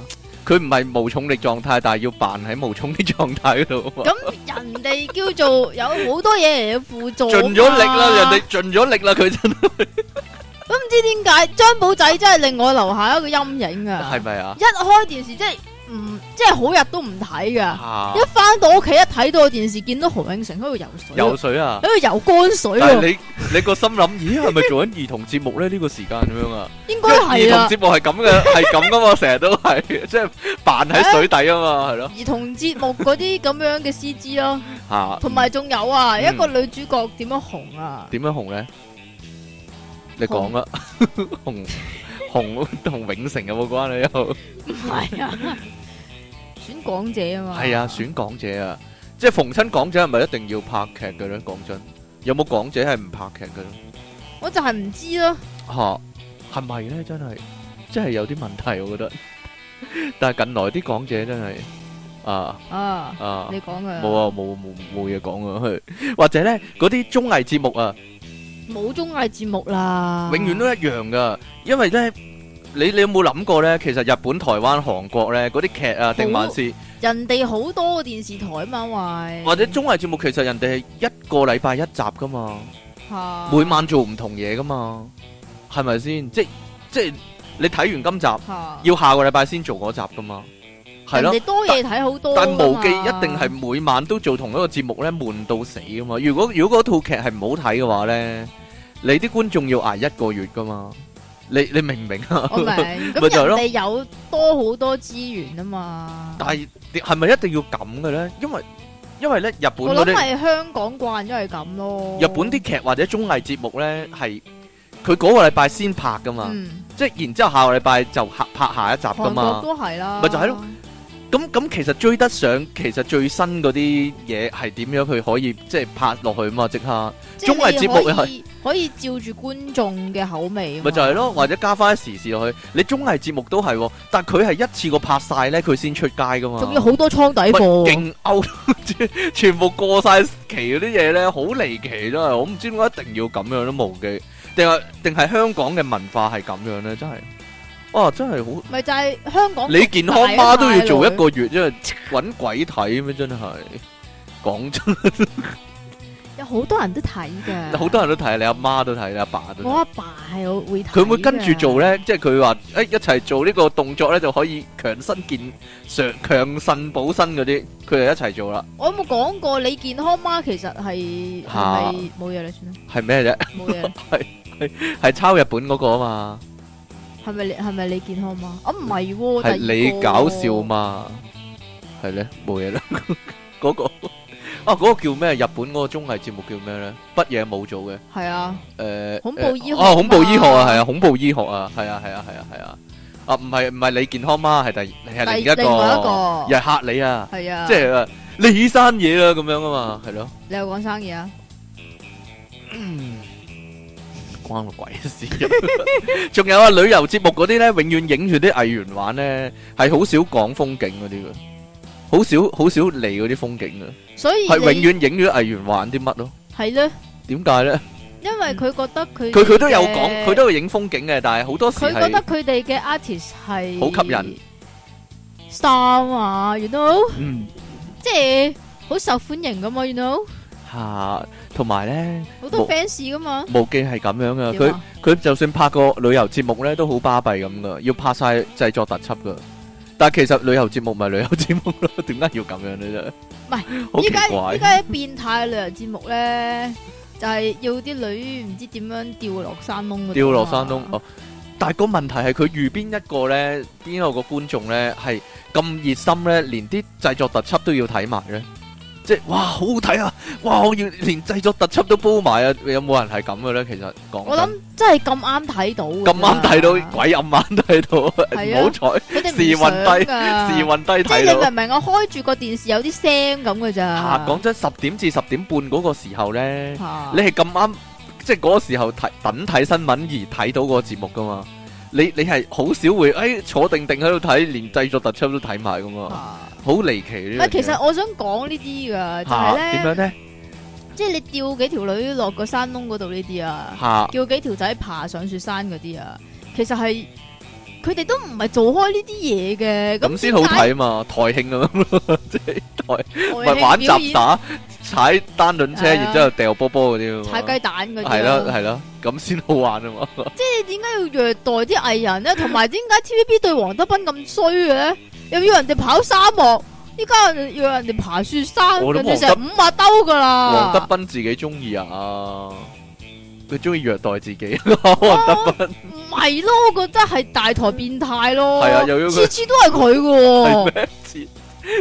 Speaker 1: 佢唔係無重力狀態，但係要扮喺無重力狀態度。咁、嗯、
Speaker 2: 人哋叫做有好多嘢嚟輔助。盡咗力啦，人哋
Speaker 1: 盡咗力啦，佢真。都
Speaker 2: 唔、嗯、知點解張保仔真係令我留下一個陰影㗎！係咪啊？一開電視即係。就是嗯，即係好日都唔睇噶，一翻到屋企一睇到個電視，見到洪永成喺度游水，游水啊，喺度游乾水。但係你
Speaker 1: 你個心諗，咦，係咪做緊兒童節目咧？呢個時間咁樣啊？應該係啊，兒童節目係咁嘅，係咁噶嘛，成日都係，即係扮喺水底啊嘛，係咯。兒
Speaker 2: 童節目嗰啲咁樣嘅 C G 咯，吓，同埋仲有啊，一個女主角點樣紅啊？
Speaker 1: 點樣紅咧？你講啦，紅紅同永成有冇關係咧？唔係啊。
Speaker 2: 選港姐啊嘛，係啊，
Speaker 1: 選港姐啊，即係逢親港姐係咪一定要拍劇嘅咧？講真，有冇港姐係唔拍劇嘅咧？
Speaker 2: 我就係唔知咯。
Speaker 1: 吓，係咪咧？真係，真係有啲問題，我覺得。但係近來啲港姐真係，啊啊
Speaker 2: 啊！你講佢冇
Speaker 1: 啊，冇冇冇嘢講嘅。去或者咧，嗰啲綜藝節目啊，
Speaker 2: 冇綜藝節目啦，永遠
Speaker 1: 都一樣噶，因為咧。你你有冇諗過呢？其實日本、台灣、韓國呢嗰啲劇啊，好定還是
Speaker 2: 人哋好多個電視台啊嘛，或者
Speaker 1: 綜藝節目其實人哋係一個禮拜一集噶嘛，
Speaker 2: 啊、每
Speaker 1: 晚做唔同嘢噶嘛，係咪先？即即你睇完今集，啊、要下個禮拜先做嗰集噶嘛，
Speaker 2: 係咯？你多嘢睇好多但，但無記一
Speaker 1: 定係每晚都做同一個節目咧，悶到死噶嘛。如果如果嗰套劇係唔好睇嘅話呢，你啲觀眾要捱一個月噶嘛。你你明唔明啊？我明，咁就係咯，你有
Speaker 2: 多好多資源啊嘛。
Speaker 1: 但係係咪一定要咁嘅咧？因為因為咧，日本嗰啲，我諗係
Speaker 2: 香港慣咗係咁咯。日本啲
Speaker 1: 劇或者綜藝節目咧，係佢嗰個禮拜先拍噶嘛，即係然之後下個禮拜就拍下一集噶嘛，都
Speaker 2: 係啦。咪就係咯。
Speaker 1: 咁咁、嗯嗯，其實追得上，其實最新嗰啲嘢係點樣佢可以即係拍落去啊嘛？即刻是綜藝節目係可，
Speaker 2: 可以照住觀眾嘅口味。咪
Speaker 1: 就係咯，或者加翻一時事落去。你綜藝節目都係，但佢係一次過拍晒咧，佢先出街噶嘛。仲要
Speaker 2: 好多倉底貨，勁
Speaker 1: 歐， 全部過晒期嗰啲嘢咧，好離奇都係。我唔知點解一定要咁樣都無忌，定係定係香港嘅文化係咁樣咧，真係。哇，真係好！
Speaker 2: 咪就係、是，香港。你健康媽都要做一個
Speaker 1: 月，因為搵鬼睇咩？真係講真，
Speaker 2: 有好多人都睇嘅，好
Speaker 1: 多人都睇，你阿媽都睇，你阿爸，爸都。我阿
Speaker 2: 爸係會睇。佢會跟住做
Speaker 1: 咧，即係佢話誒一齊做呢個動作咧就可以強身健上強腎補身嗰啲，佢就一齊做啦。
Speaker 2: 我有冇講過你健康媽其實係咪冇嘢啦，算啦。係咩啫？冇嘢，係
Speaker 1: 係係抄日本嗰個啊嘛。
Speaker 2: 係咪你係咪你健康嘛？啊唔係，係你搞笑嘛？
Speaker 1: 係咧，冇嘢啦，嗰個啊嗰個叫咩？日本嗰個綜藝節目叫咩咧？不嘢冇做嘅係啊，誒，恐怖醫學哦恐怖醫學啊，係啊，恐怖醫學啊，係啊，係啊，係啊，啊唔係唔係你健康嘛？係第係另一個，又係吓你啊？係啊，即係啊，你起生嘢啦咁樣啊嘛？係咯，
Speaker 2: 你有講生嘢啊？
Speaker 1: 關個鬼事！仲有啊，旅遊節目嗰啲咧，永遠影住啲藝員玩咧，係好少講風景嗰啲嘅，好少好少嚟嗰啲風景嘅，所以係永遠影住藝員玩啲乜咯。係咧，點解咧？
Speaker 2: 因為佢覺得佢佢佢都有講，佢都
Speaker 1: 有影風景嘅，但係好多時佢覺得佢
Speaker 2: 哋嘅 artist 係好吸引 star 啊，you know，嗯，即係好受歡迎噶嘛，you know
Speaker 1: 吓。同埋咧，好多
Speaker 2: fans 噶嘛，無
Speaker 1: 記係咁樣噶，佢佢就算拍個旅遊節目咧，都好巴閉咁噶，要拍晒製作特輯噶。但係其實旅遊節目唔係旅遊節目咯，點解要咁樣咧啫？
Speaker 2: 唔係，依家依家啲變態旅遊節目咧，就係要啲女唔知點樣掉落山窿嗰度啊！掉落山
Speaker 1: 窿哦，但係個問題係佢遇邊一個咧，邊個個觀眾咧係咁熱心咧，連啲製作特輯都要睇埋咧。即係哇，好好睇啊！哇，我要連製作特輯都煲埋啊！有冇人係咁嘅咧？其實講我諗
Speaker 2: 真係咁啱睇到，咁
Speaker 1: 啱睇到鬼咁啱睇到，唔好彩，時運低，時運低睇到。即係你明唔
Speaker 2: 明？我開住個電視有啲聲咁嘅咋？講真，
Speaker 1: 十點至十點半嗰個時候咧，你係咁啱，即係嗰個時候睇等睇新聞而睇到個節目噶嘛？你你係好少會誒坐定定喺度睇，連製作特輯都睇埋噶嘛？好離奇呢？唔其實我
Speaker 2: 想講呢啲㗎，就係、是、咧，點、啊、樣咧？即係你吊幾條女落個山窿嗰度呢啲啊？嚇！叫幾條仔爬上雪山嗰啲啊？其實係佢哋都唔係做開呢啲嘢嘅，咁先好睇啊
Speaker 1: 嘛！台慶啊嘛，即 係台咪 玩雜打，踩單輪車，啊、然之後掉波波嗰啲，踩雞
Speaker 2: 蛋嗰啲啊！係咯係
Speaker 1: 咯，咁先好玩啊嘛！
Speaker 2: 即係點解要虐待啲藝人咧？同埋點解 TVB 對黃德斌咁衰咧？又要人哋跑沙漠，依家要人哋爬雪山，住成五啊兜噶啦！黃德
Speaker 1: 斌自己中意啊，佢中意虐待自己啊，黃 德
Speaker 2: 斌唔係咯，我覺得係大台變態咯，係啊，又次次都係佢嘅，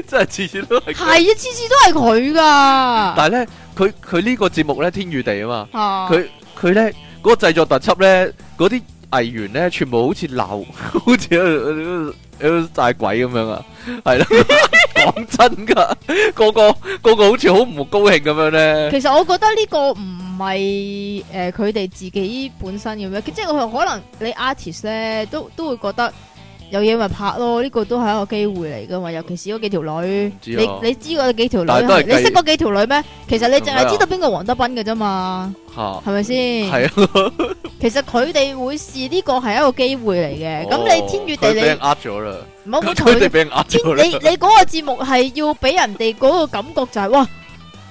Speaker 1: 真係次次
Speaker 2: 都係，係啊，次次都係佢噶。
Speaker 1: 但係咧，佢佢呢個節目咧，天與地啊嘛，佢佢咧嗰個製作特輯咧，嗰啲。藝員咧，全部好似鬧，好似誒誒大鬼咁樣啊，係、嗯、咯，講 真噶的， 個個個個好似好唔高興咁樣咧。其實
Speaker 2: 我覺得呢個唔係誒佢哋自己本身咁樣，即係可能你 artist 咧都都會覺得。有嘢咪拍咯，呢、這個都係一個機會嚟噶嘛，尤其係嗰幾條女，啊、你你知嗰幾條女，是是你識嗰幾條女咩？其實你淨係知道邊個黃德斌嘅啫嘛，係咪先？係吧是啊， 其實佢哋會試呢個係一個機會嚟嘅，咁、哦、你天與地你，佢俾人呃
Speaker 1: 咗啦，唔好佢，你你
Speaker 2: 嗰個節目係要俾人哋嗰個感覺就係、是、哇。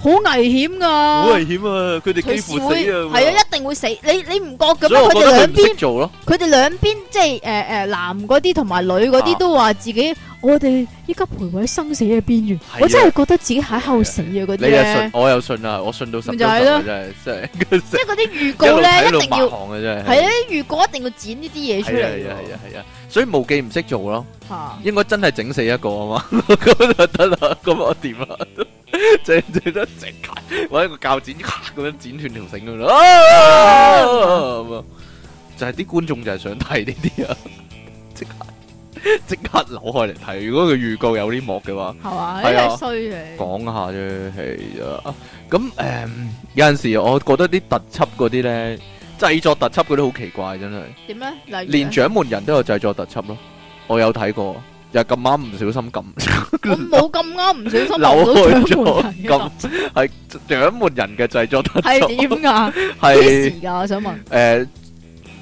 Speaker 2: 好危險噶！好危
Speaker 1: 險啊！佢哋幾乎死啊！係啊，一
Speaker 2: 定會死。你你唔覺噶咩？佢哋兩邊，佢哋兩邊即係誒誒男嗰啲同埋女嗰啲都話自己，我哋依家徘徊喺生死嘅邊緣。我真係覺得自己喺後死啊！嗰啲咧，你又信，
Speaker 1: 我又信啊！我信到十。唔係咯，真係真係。
Speaker 2: 即係嗰啲預告咧，一定要。係啊，預告一定要剪呢啲嘢出嚟。係啊，係啊，係啊。
Speaker 1: 所以無忌唔識做咯。吓。應該真係整死一個啊嘛，咁就得啦，咁我點啊？ 即係最多或者搵個鉸剪，咁樣剪斷條繩咁咯。就係啲觀眾就係想睇呢啲啊，即刻即刻扭開嚟睇。如果佢預告有啲幕嘅話，係嘛吧？真係衰嘅。講下啫，係啊。咁誒、啊啊嗯，有陣時我覺得啲特輯嗰啲咧，製作特輯嗰啲好奇怪，真係。點
Speaker 2: 咧？連掌
Speaker 1: 門人都有製作特輯咯，我有睇過。又咁啱唔小心撳，我
Speaker 2: 冇咁啱唔小心撳到獎門
Speaker 1: 人㗎，係獎門人嘅製作特輯，係點㗎？係幾時㗎？我想問誒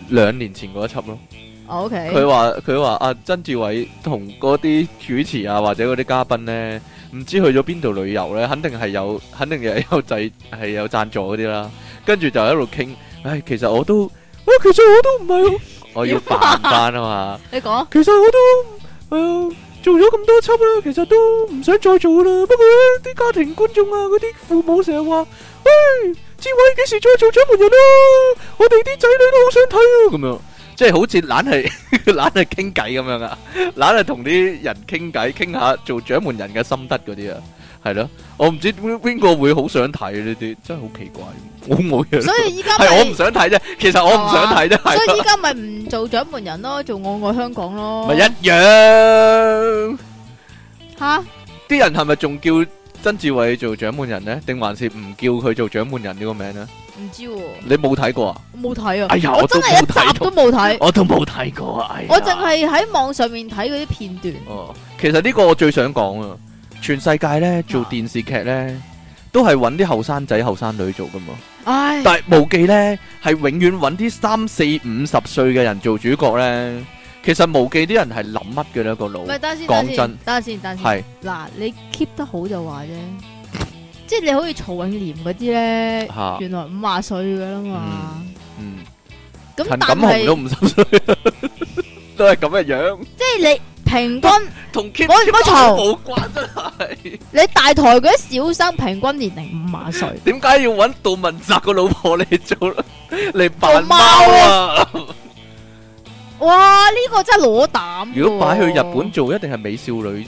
Speaker 1: 兩年前嗰一輯咯，OK。佢話佢話阿曾志偉同嗰啲主持啊，或者嗰啲嘉賓咧，唔知去咗邊度旅遊咧，肯定係有，肯定係有製係有贊助嗰啲啦。跟住就一路傾，唉，其實我都，啊，其實我都唔係，我要反彈啊嘛。你講，其實我都。誒，做咗咁多輯啦，其實都唔想再做啦。不過啲家庭觀眾啊，嗰啲父母成日話：喂，志偉幾時再做掌門人啊？我哋啲仔女都好想睇啊！咁樣，即係好似懶係，懶係傾偈咁樣啊，懶係同啲人傾偈，傾下做掌門人嘅心得嗰啲啊。係咯，我唔知邊個會好想睇呢啲，真係好奇怪。我冇嘅。所以依家係我唔想睇啫，其實我唔想睇啫。所以依家
Speaker 2: 咪唔做掌門人咯，做我愛香港咯。咪一
Speaker 1: 樣。
Speaker 2: 吓？
Speaker 1: 啲人係咪仲叫曾志偉做掌門人呢？定還是唔叫佢做掌門人呢個名呢？
Speaker 2: 唔知喎。
Speaker 1: 你冇睇過啊？冇睇啊！哎呀，我真係一集都冇睇，我都冇睇過啊！我淨
Speaker 2: 係喺網上面睇嗰啲片段。哦，
Speaker 1: 其實呢個我最想講啊。全世界咧，做電視劇咧，都係揾啲後生仔後生女做噶嘛。但係無記咧係永遠揾啲三四五十歲嘅人做主角咧。其實無記啲人係諗乜嘅咧個腦？唔係，等下先，講真，
Speaker 2: 等下先，等下先，等下先。係嗱，你 keep 得好就話啫。即係你好似曹永廉嗰啲咧，原來五啊歲噶啦嘛。嗯。咁但係陳錦鴻都五啊歲，
Speaker 1: 都係咁嘅樣。
Speaker 2: 即係你。平均同我點解嘈冇關真係？你大台嗰啲小生平均年齡五十歲，
Speaker 1: 點解要揾杜汶澤個老婆嚟做嚟扮貓啊？
Speaker 2: 哇！呢個真係攞膽。如果擺去日本做，
Speaker 1: 一定係美少女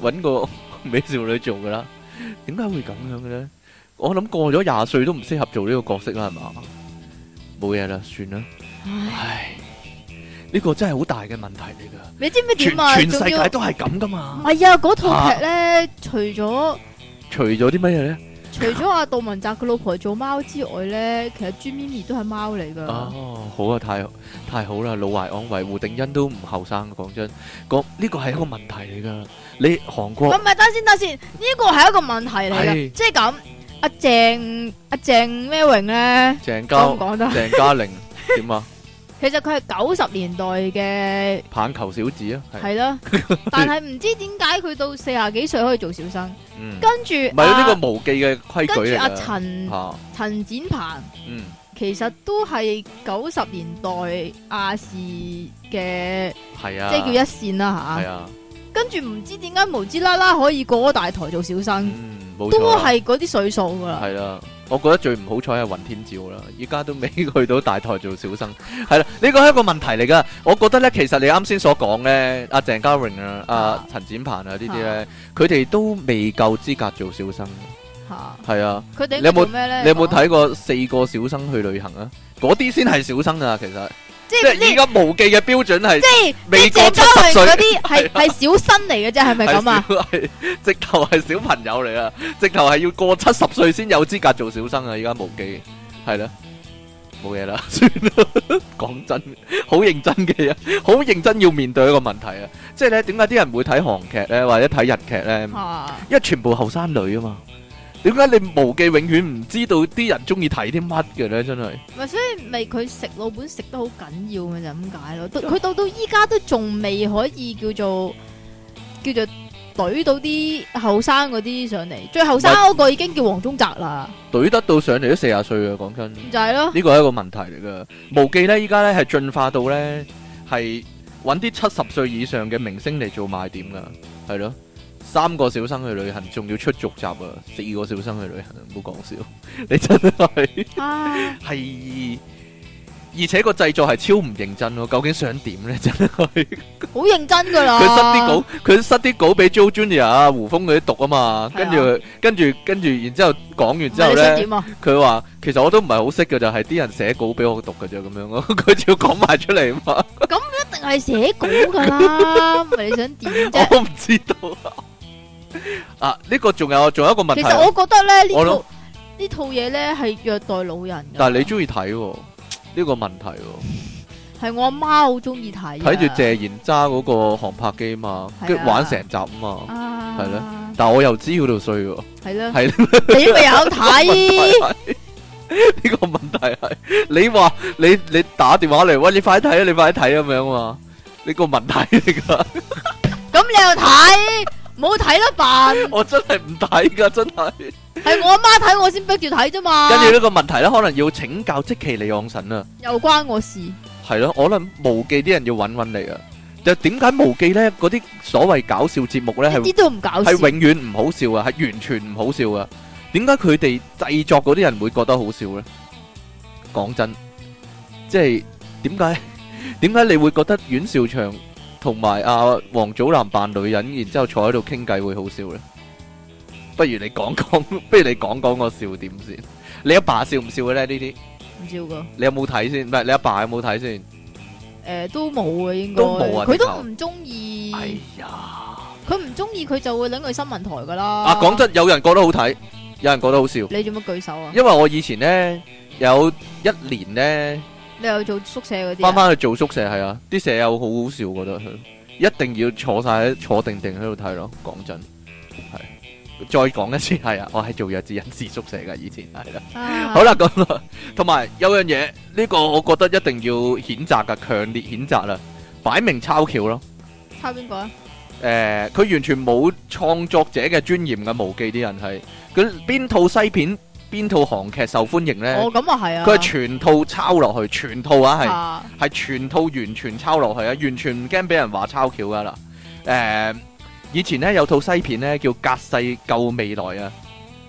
Speaker 1: 揾個美少女做噶啦。點解會咁樣嘅咧？我諗過咗廿歲都唔適合做呢個角色啦，係嘛？冇嘢啦，算啦。唉。呢個真係好大嘅問題嚟
Speaker 2: 噶，你知唔知點啊，全全世界都係咁噶嘛？係啊，嗰套劇咧，除咗
Speaker 1: 除咗啲乜嘢咧？
Speaker 2: 除咗阿杜汶澤佢老婆做貓之外咧，其實朱咪咪都係貓嚟噶。哦，
Speaker 1: 好啊，太太好啦，老懷安慰，胡定欣都唔後生，講真，講呢個係一個問題嚟噶。你韓國？唔
Speaker 2: 係，等先，等先，呢個係一個問題嚟噶，即係咁。阿鄭阿鄭咩榮咧？鄭嘉鄭嘉
Speaker 1: 玲點啊？
Speaker 2: 其實佢係九十年代嘅
Speaker 1: 棒球小子啊，係
Speaker 2: 咯，但係唔知點解佢到四啊幾歲可以做小生，
Speaker 1: 嗯、跟住唔係呢個無記嘅規矩跟住阿陳
Speaker 2: 陳展鵬，嗯，其實都係九十年代亞視嘅，
Speaker 1: 係啊，即係叫一線啦吓，係啊。的啊嗯、
Speaker 2: 跟住唔知點解無知啦啦可以過咗大台做小生，嗯啊、都係嗰啲歲數噶啦。
Speaker 1: 係啦。我覺得最唔好彩係雲天照啦，依家都未去到大台做小生，係 啦，呢個係一個問題嚟㗎。我覺得呢，其實你啱先所講呢，阿、啊、鄭嘉穎啊，阿、啊啊、陳展鵬啊呢啲呢，佢哋、啊、都未夠資格做小生。嚇、啊的，係啊，你有冇你有冇睇過《四個小生去旅行》啊？嗰啲先係小生啊，其實。即係依家無記嘅標準係，即係你借咗佢嗰啲係係
Speaker 2: 小生嚟嘅啫，係咪咁啊？
Speaker 1: 係直頭係小朋友嚟啊！直頭係要過七十歲先有資格做小生啊！依家無記係啦，冇嘢啦，算啦。講真，好認真嘅，好認真要面對一個問題啊！即係咧，點解啲人會睇韓劇咧，或者睇日劇咧？因為全部後生女啊嘛。點解你無記永遠唔知道啲人中意睇啲乜嘅咧？真係
Speaker 2: 咪，所以咪佢食老本食得好緊要嘅。就咁解咯。佢到到依家都仲未可以叫做叫做懟到啲後生嗰啲上嚟。最後生嗰個已經叫黃宗澤啦。
Speaker 1: 懟得到上嚟都四十歲啊！講真就係咯，呢個係一個問題嚟噶。無記呢，依家咧係進化到咧係揾啲七十歲以上嘅明星嚟做賣點噶，係咯。三個小生去旅行，仲要出續集啊！四個小生去旅行，唔好講笑，你真係係、啊、而且個製作係超唔認真咯，究竟想點咧？真係
Speaker 2: 好認真噶啦，佢塞啲稿，
Speaker 1: 佢塞啲稿俾 Joe Junior 啊、胡楓嗰啲讀啊嘛，是啊跟住跟住跟住，然之後講完之後咧，佢話、啊、其實我都唔係好識嘅，就係、是、啲人寫稿俾我讀嘅啫，咁樣咯，佢就講埋出嚟嘛。
Speaker 2: 咁一定係寫稿噶啦， 唔係你想點
Speaker 1: 我唔知道。啊！呢個仲有，仲有一個問題。其實我覺
Speaker 2: 得咧，呢套呢套嘢咧係虐待老人
Speaker 1: 嘅。但係你中意睇呢個問題？
Speaker 2: 係我阿媽好中意睇。睇住謝
Speaker 1: 賢揸嗰個航拍機嘛，跟住玩成集啊嘛，係咧。但我又知佢度衰喎。係
Speaker 2: 咯。係。你未有睇？呢
Speaker 1: 個問題係你話你你打電話嚟，喂，你快啲睇啊，你快啲睇啊，咁樣嘛？呢個問題嚟噶。
Speaker 2: 咁你又睇？唔好睇啦，爸！我真係唔
Speaker 1: 睇噶，真係
Speaker 2: 係我阿媽睇，我先逼住睇啫嘛。跟住呢
Speaker 1: 個問題咧，可能要請教積淇離岸神啦。
Speaker 2: 又關我事？
Speaker 1: 係咯，我諗毛記啲人要揾揾你啊。就點解毛記咧？嗰啲所謂搞笑節目咧，係啲都唔
Speaker 2: 搞笑，係永
Speaker 1: 遠唔好笑啊，係完全唔好笑啊。點解佢哋製作嗰啲人會覺得好笑咧？講真，即係點解？點解你會覺得阮兆祥？同埋阿王祖藍扮女人，然之後坐喺度傾偈會好笑咧？不如你講講，不如你講講個笑點先。你阿爸笑唔笑咧？呢啲唔笑
Speaker 2: 噶。
Speaker 1: 你有冇睇先？唔係你阿爸有冇睇先？
Speaker 2: 誒，都冇嘅，應該都冇啊，佢都唔中意。哎呀，佢唔中意，佢就會拎佢新聞台噶啦。啊，講
Speaker 1: 真，有人覺得好睇，有人覺得好笑。你
Speaker 2: 做乜舉手啊？因為
Speaker 1: 我以前咧有一年咧。
Speaker 2: 你又做宿舍嗰啲？翻翻去
Speaker 1: 做宿舍？係啊，啲舍友好好笑，我覺得佢一定要坐晒喺坐定定喺度睇咯。講真，係再講一次，係啊，我係做弱智人士宿舍噶，以前係啦。好啦，咁同埋有樣嘢，呢個我覺得一定要譴責噶，強烈譴責啦，擺明抄橋咯。抄邊個啊？誒，佢完全冇創作者嘅尊嚴嘅，無記啲人係佢邊套西片，邊套韓劇受歡迎呢？哦，
Speaker 2: 咁啊係啊！佢係
Speaker 1: 全套抄落去，全套啊係，係全套完全抄落去啊！完全唔驚俾人話抄橋噶啦。誒、呃，以前呢，有套西片呢，叫《隔世救未來》啊，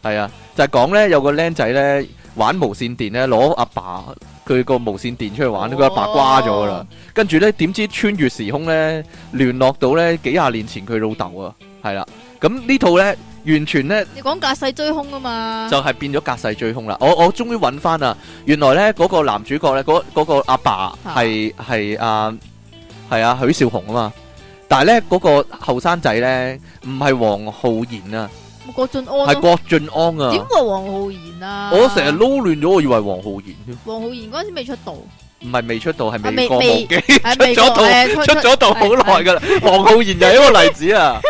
Speaker 1: 係啊，就係、是、講呢，有個僆仔呢，玩無綫電呢，攞阿爸佢個無綫電出去玩，佢阿、哦、爸瓜咗啦。跟住呢，點知穿越時空呢，聯絡到呢幾廿年前佢老豆啊？係、嗯、啦，咁呢套呢。完全咧，你
Speaker 2: 講隔世追兇啊嘛，就
Speaker 1: 係變咗隔世追兇啦。我我終於揾翻啦，原來咧嗰個男主角咧，嗰嗰個阿爸係係阿係阿許紹雄啊嘛。但係咧嗰個後生仔咧，唔係黃浩然啊，郭晉安係郭晉安啊，點會黃浩
Speaker 2: 然啊？我成
Speaker 1: 日撈亂咗，我以為黃浩然添。黃
Speaker 2: 浩然嗰陣
Speaker 1: 時未出道，唔係未出道係未未出咗道，出咗道好耐噶啦。黃浩然又係一個例子啊。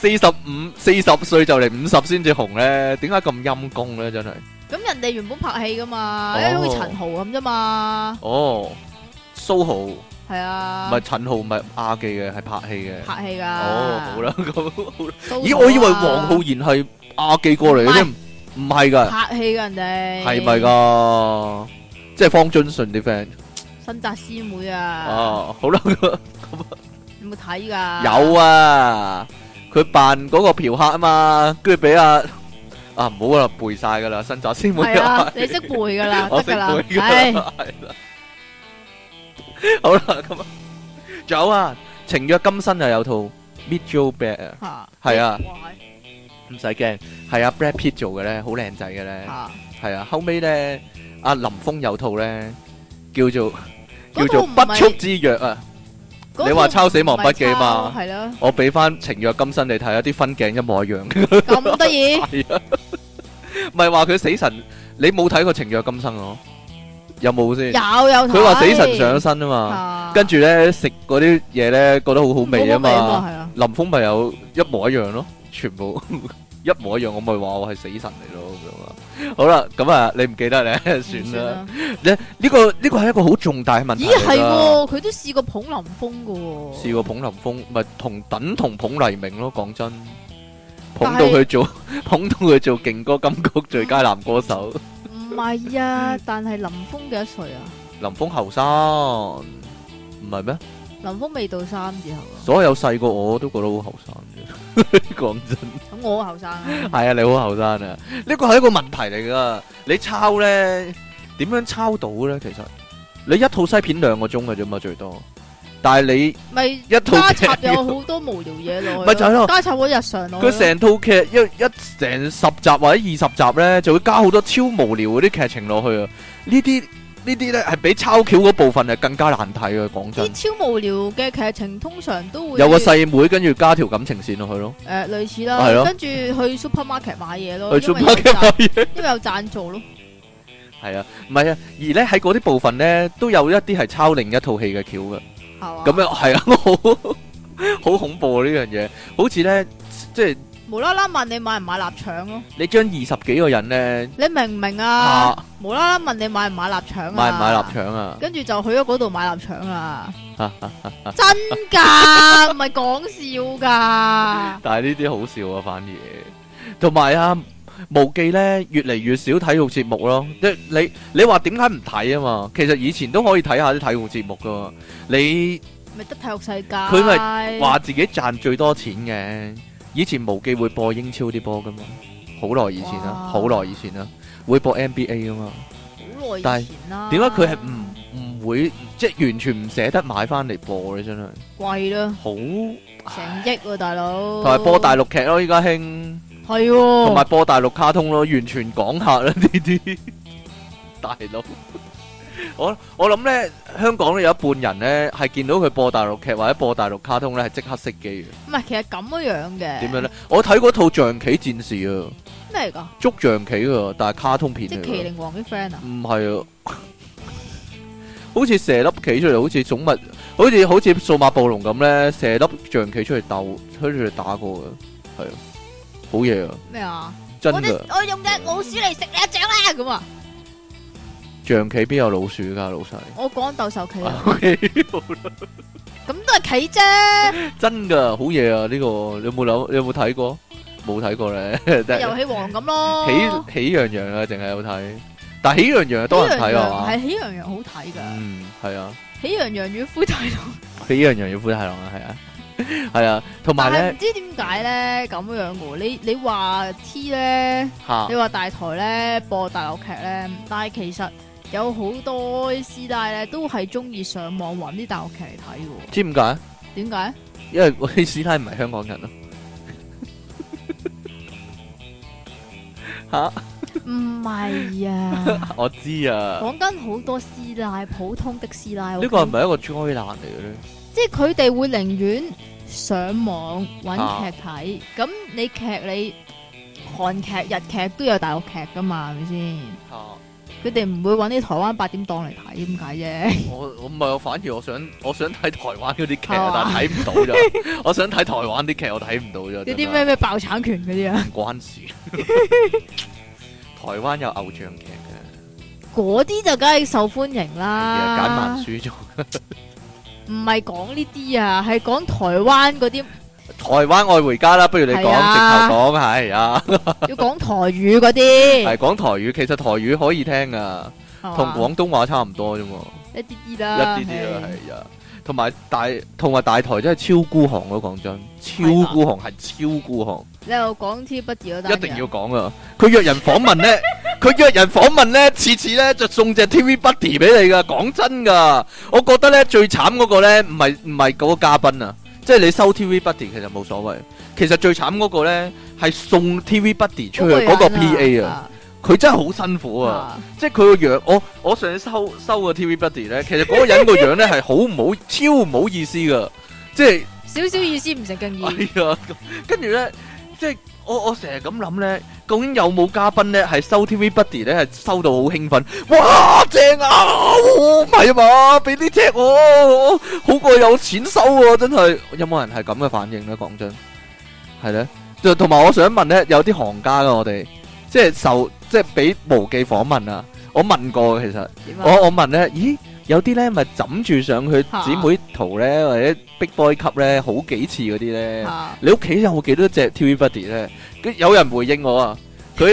Speaker 1: 四十五、四十歲就嚟五十先至紅咧，點解咁陰功咧？真係
Speaker 2: 咁，人哋原本拍戲噶嘛，好似陳豪咁啫嘛。
Speaker 1: 哦，蘇豪係啊，唔係陳豪，唔係亞記嘅，係拍戲嘅。拍戲噶哦，好啦咁。
Speaker 2: 咦，我以為黃浩
Speaker 1: 然係亞記過嚟嘅添，唔係噶，拍
Speaker 2: 戲嘅人哋係咪噶？
Speaker 1: 即係方中信啲 friend，
Speaker 2: 新紮師妹啊。哦，
Speaker 1: 好啦咁
Speaker 2: 啊，有冇睇噶？有
Speaker 1: 啊。佢扮嗰個嫖客啊嘛，跟住俾阿啊唔好啦，背晒噶啦，新左先會。係啦，你識背噶啦，識噶啦。係啦，好啦，咁啊，仲有啊，情約今生又有套 Meet Joe Black 啊，係啊，唔使驚，係啊 Brad Pitt 做嘅咧，好靚仔嘅咧，係啊，後尾咧，阿林峰有套咧，叫做叫做不速之約啊。你話抄，抄《死亡筆記》嘛？係啦，我俾翻《情若今生》你睇下，啲分鏡一模一樣。
Speaker 2: 咁得意？
Speaker 1: 係 是啊，唔係話佢死神？你冇睇過《情若今生》啊咯？有冇先？有有。佢話死神上身啊嘛，跟住咧食嗰啲嘢咧，覺得好好味啊嘛。啊林峰咪有一模一樣咯，全部 一模一樣。我咪話我係死神嚟咯咁樣。好啦，咁啊，你唔記得你，算啦。呢呢個呢個係一個好重大嘅問題。咦，係喎，
Speaker 2: 佢都試過捧林峰㗎喎。
Speaker 1: 試過捧林峰，咪同等同捧黎明咯。講真，
Speaker 2: 捧到佢做，
Speaker 1: 捧到佢做勁歌金曲最佳男歌手。
Speaker 2: 唔係啊，但係林峰幾多歲啊？
Speaker 1: 林峰後生，唔係咩？
Speaker 2: 林峰未到三之
Speaker 1: 後啊，所有細個我都覺得好後生啫，講 真的。咁
Speaker 2: 我後生
Speaker 1: 啊？係 啊，你好後生啊！呢個係一個問題嚟噶。你抄咧，點樣抄到咧？其實你一套西片兩個鐘嘅啫嘛，最多。但係你
Speaker 2: 咪一套劇有好多無聊嘢落。咪就係咯，加插我日常落。佢成
Speaker 1: 套劇一一成十集或者二十集咧，就會加好多超無聊嗰啲劇情落去啊！呢啲呢啲咧係比抄橋嗰部分係更加難睇嘅，講真。啲
Speaker 2: 超無聊嘅劇情通常都會有個細
Speaker 1: 妹，跟住加條感情綫落去咯。
Speaker 2: 誒，類似啦，跟住去 supermarket 買嘢咯，去 supermarket 買嘢，因為有贊助咯。
Speaker 1: 係啊，唔係啊，而咧喺嗰啲部分咧，都有一啲係抄另一套戲嘅橋嘅。係啊。咁樣，係啊，我好好恐怖啊呢樣嘢，好似咧即係。
Speaker 2: 無啦啦問你買唔買臘腸咯？
Speaker 1: 你將二十幾個人咧，
Speaker 2: 你明唔明啊？無啦啦問你買唔買臘腸啊？買唔買臘
Speaker 1: 腸啊？跟
Speaker 2: 住就去咗嗰度買臘腸啊！
Speaker 1: 真
Speaker 2: 噶的，唔係講笑噶。
Speaker 1: 但係呢啲好笑啊，反而同埋啊，無記咧越嚟越少體育節目咯。即你你話點解唔睇啊嘛，其實以前都可以睇下啲體育節目噶。你
Speaker 2: 咪得體育世界？佢咪話自
Speaker 1: 己賺最多錢嘅。以前冇機會播英超啲波噶嘛，好耐以前啦，好耐以前啦，會播 NBA 噶嘛，好耐以
Speaker 2: 前啦。但係點解佢係唔
Speaker 1: 唔會，即係完全唔捨得買翻嚟播咧？真係
Speaker 2: 貴啦，好成億喎，大佬。同埋播大
Speaker 1: 陸劇咯，依家興
Speaker 2: 係，同埋
Speaker 1: 播大陸卡通咯，完全講下啦呢啲，大佬。我我諗咧，香港咧有一半人咧係見到佢播大陸劇或者播大陸卡通咧，係即刻熄機嘅。唔
Speaker 2: 係，其實咁樣嘅。點
Speaker 1: 樣咧？我睇過套象棋戰士啊。咩嚟噶？捉象棋噶，但係卡通片。即麒麟王
Speaker 2: 啲 friend
Speaker 1: 啊？唔係啊，好似蛇粒棋出嚟，好似寵物，好似好似數碼暴龍咁咧，蛇粒象棋出嚟鬥，出嚟打過嘅，係啊，好嘢啊！咩
Speaker 2: 啊？真嘅，我用隻老鼠嚟食你一掌啦。咁啊。
Speaker 1: 象棋邊有老鼠噶老細？我
Speaker 2: 講鬥獸棋。咁都係棋啫。
Speaker 1: 真噶，好嘢！啊，呢個你有冇諗？有冇睇過？冇睇過咧。遊戲
Speaker 2: 王咁咯。喜
Speaker 1: 喜羊羊啊，定係有睇？但喜羊羊多人睇啊。係
Speaker 2: 喜羊羊好睇噶。嗯，係啊。喜羊羊與灰太狼。
Speaker 1: 喜羊羊與灰太狼啊，係啊，係啊。同埋咧，唔知
Speaker 2: 點解咧咁樣嘅？你你話 T 咧，你話大台咧播大陸劇咧，但係其實。有好多師奶咧，都係中意上網搵啲大陸劇嚟睇嘅。知唔解？點解？因
Speaker 1: 為嗰啲師奶唔係香港人啊！吓 哈？
Speaker 2: 唔係
Speaker 1: 啊！ 我知啊。講
Speaker 2: 緊好多師奶，普通的師奶。呢個唔
Speaker 1: 係一個災難嚟嘅咧？
Speaker 2: 即係佢哋會寧願上網搵劇睇，咁、啊、你劇你韓劇、日劇都有大陸劇噶嘛？係咪先？哦。佢哋唔會搵啲台灣八點檔嚟睇，點解啫？
Speaker 1: 我我唔係，我反而我想我想睇台灣嗰啲劇，但係睇唔到啫。我想睇台灣啲劇，我睇唔到啫。呢啲咩
Speaker 2: 咩爆產權嗰啲啊？唔
Speaker 1: 關事。 台灣有偶像劇嘅，
Speaker 2: 嗰啲 就梗係受歡迎啦。又揀 慢輸咗，唔係講呢啲啊，係講台灣嗰啲。
Speaker 1: 台灣愛回家啦，不如你講，直頭講係啊，要
Speaker 2: 講台語嗰啲，係
Speaker 1: 講台語。其實台語可以聽噶，
Speaker 2: 同廣東
Speaker 1: 話差唔多啫嘛，
Speaker 2: 一啲啲啦，一啲啲啦，係
Speaker 1: 啊。同埋大，同埋大台真係超孤寒咯，講真，超孤寒係超孤寒。
Speaker 2: 你又講 TVB 嘅，一定
Speaker 1: 要講啊！佢約人訪問咧，佢約人訪問咧，次次咧就送隻 TV Buddy 俾你噶。講真噶，我覺得咧最慘嗰個咧，唔係唔係嗰個嘉賓啊。即係你收 TV Buddy 其實冇所謂，其實最慘嗰個咧係送 TV Buddy 出去嗰個 PA 啊，佢真係好辛苦啊，啊即係佢個樣，我我上次收收個 TV Buddy 咧，其實嗰個人個樣咧係好唔好， 超唔好意思噶，即係
Speaker 2: 少少意思唔成敬意，哎、
Speaker 1: 跟住咧即係。我我成日咁諗咧，究竟有冇嘉賓咧係收 TV Buddy 咧係收到好興奮，哇，正啊，唔係嘛，俾啲踢我，好過有錢收喎？真係，有冇人係咁嘅反應咧？講真，係咧，就同埋我想問咧，有啲行家啦，我哋即係受即係俾無記訪問啊，我問過其實，我我問咧，咦？有啲咧咪枕住上去姊哈妹圖咧，或者 Big Boy 級咧，好幾次嗰啲咧。哈你屋企有冇幾多隻 TV Buddy 咧？有人回應我啊，佢，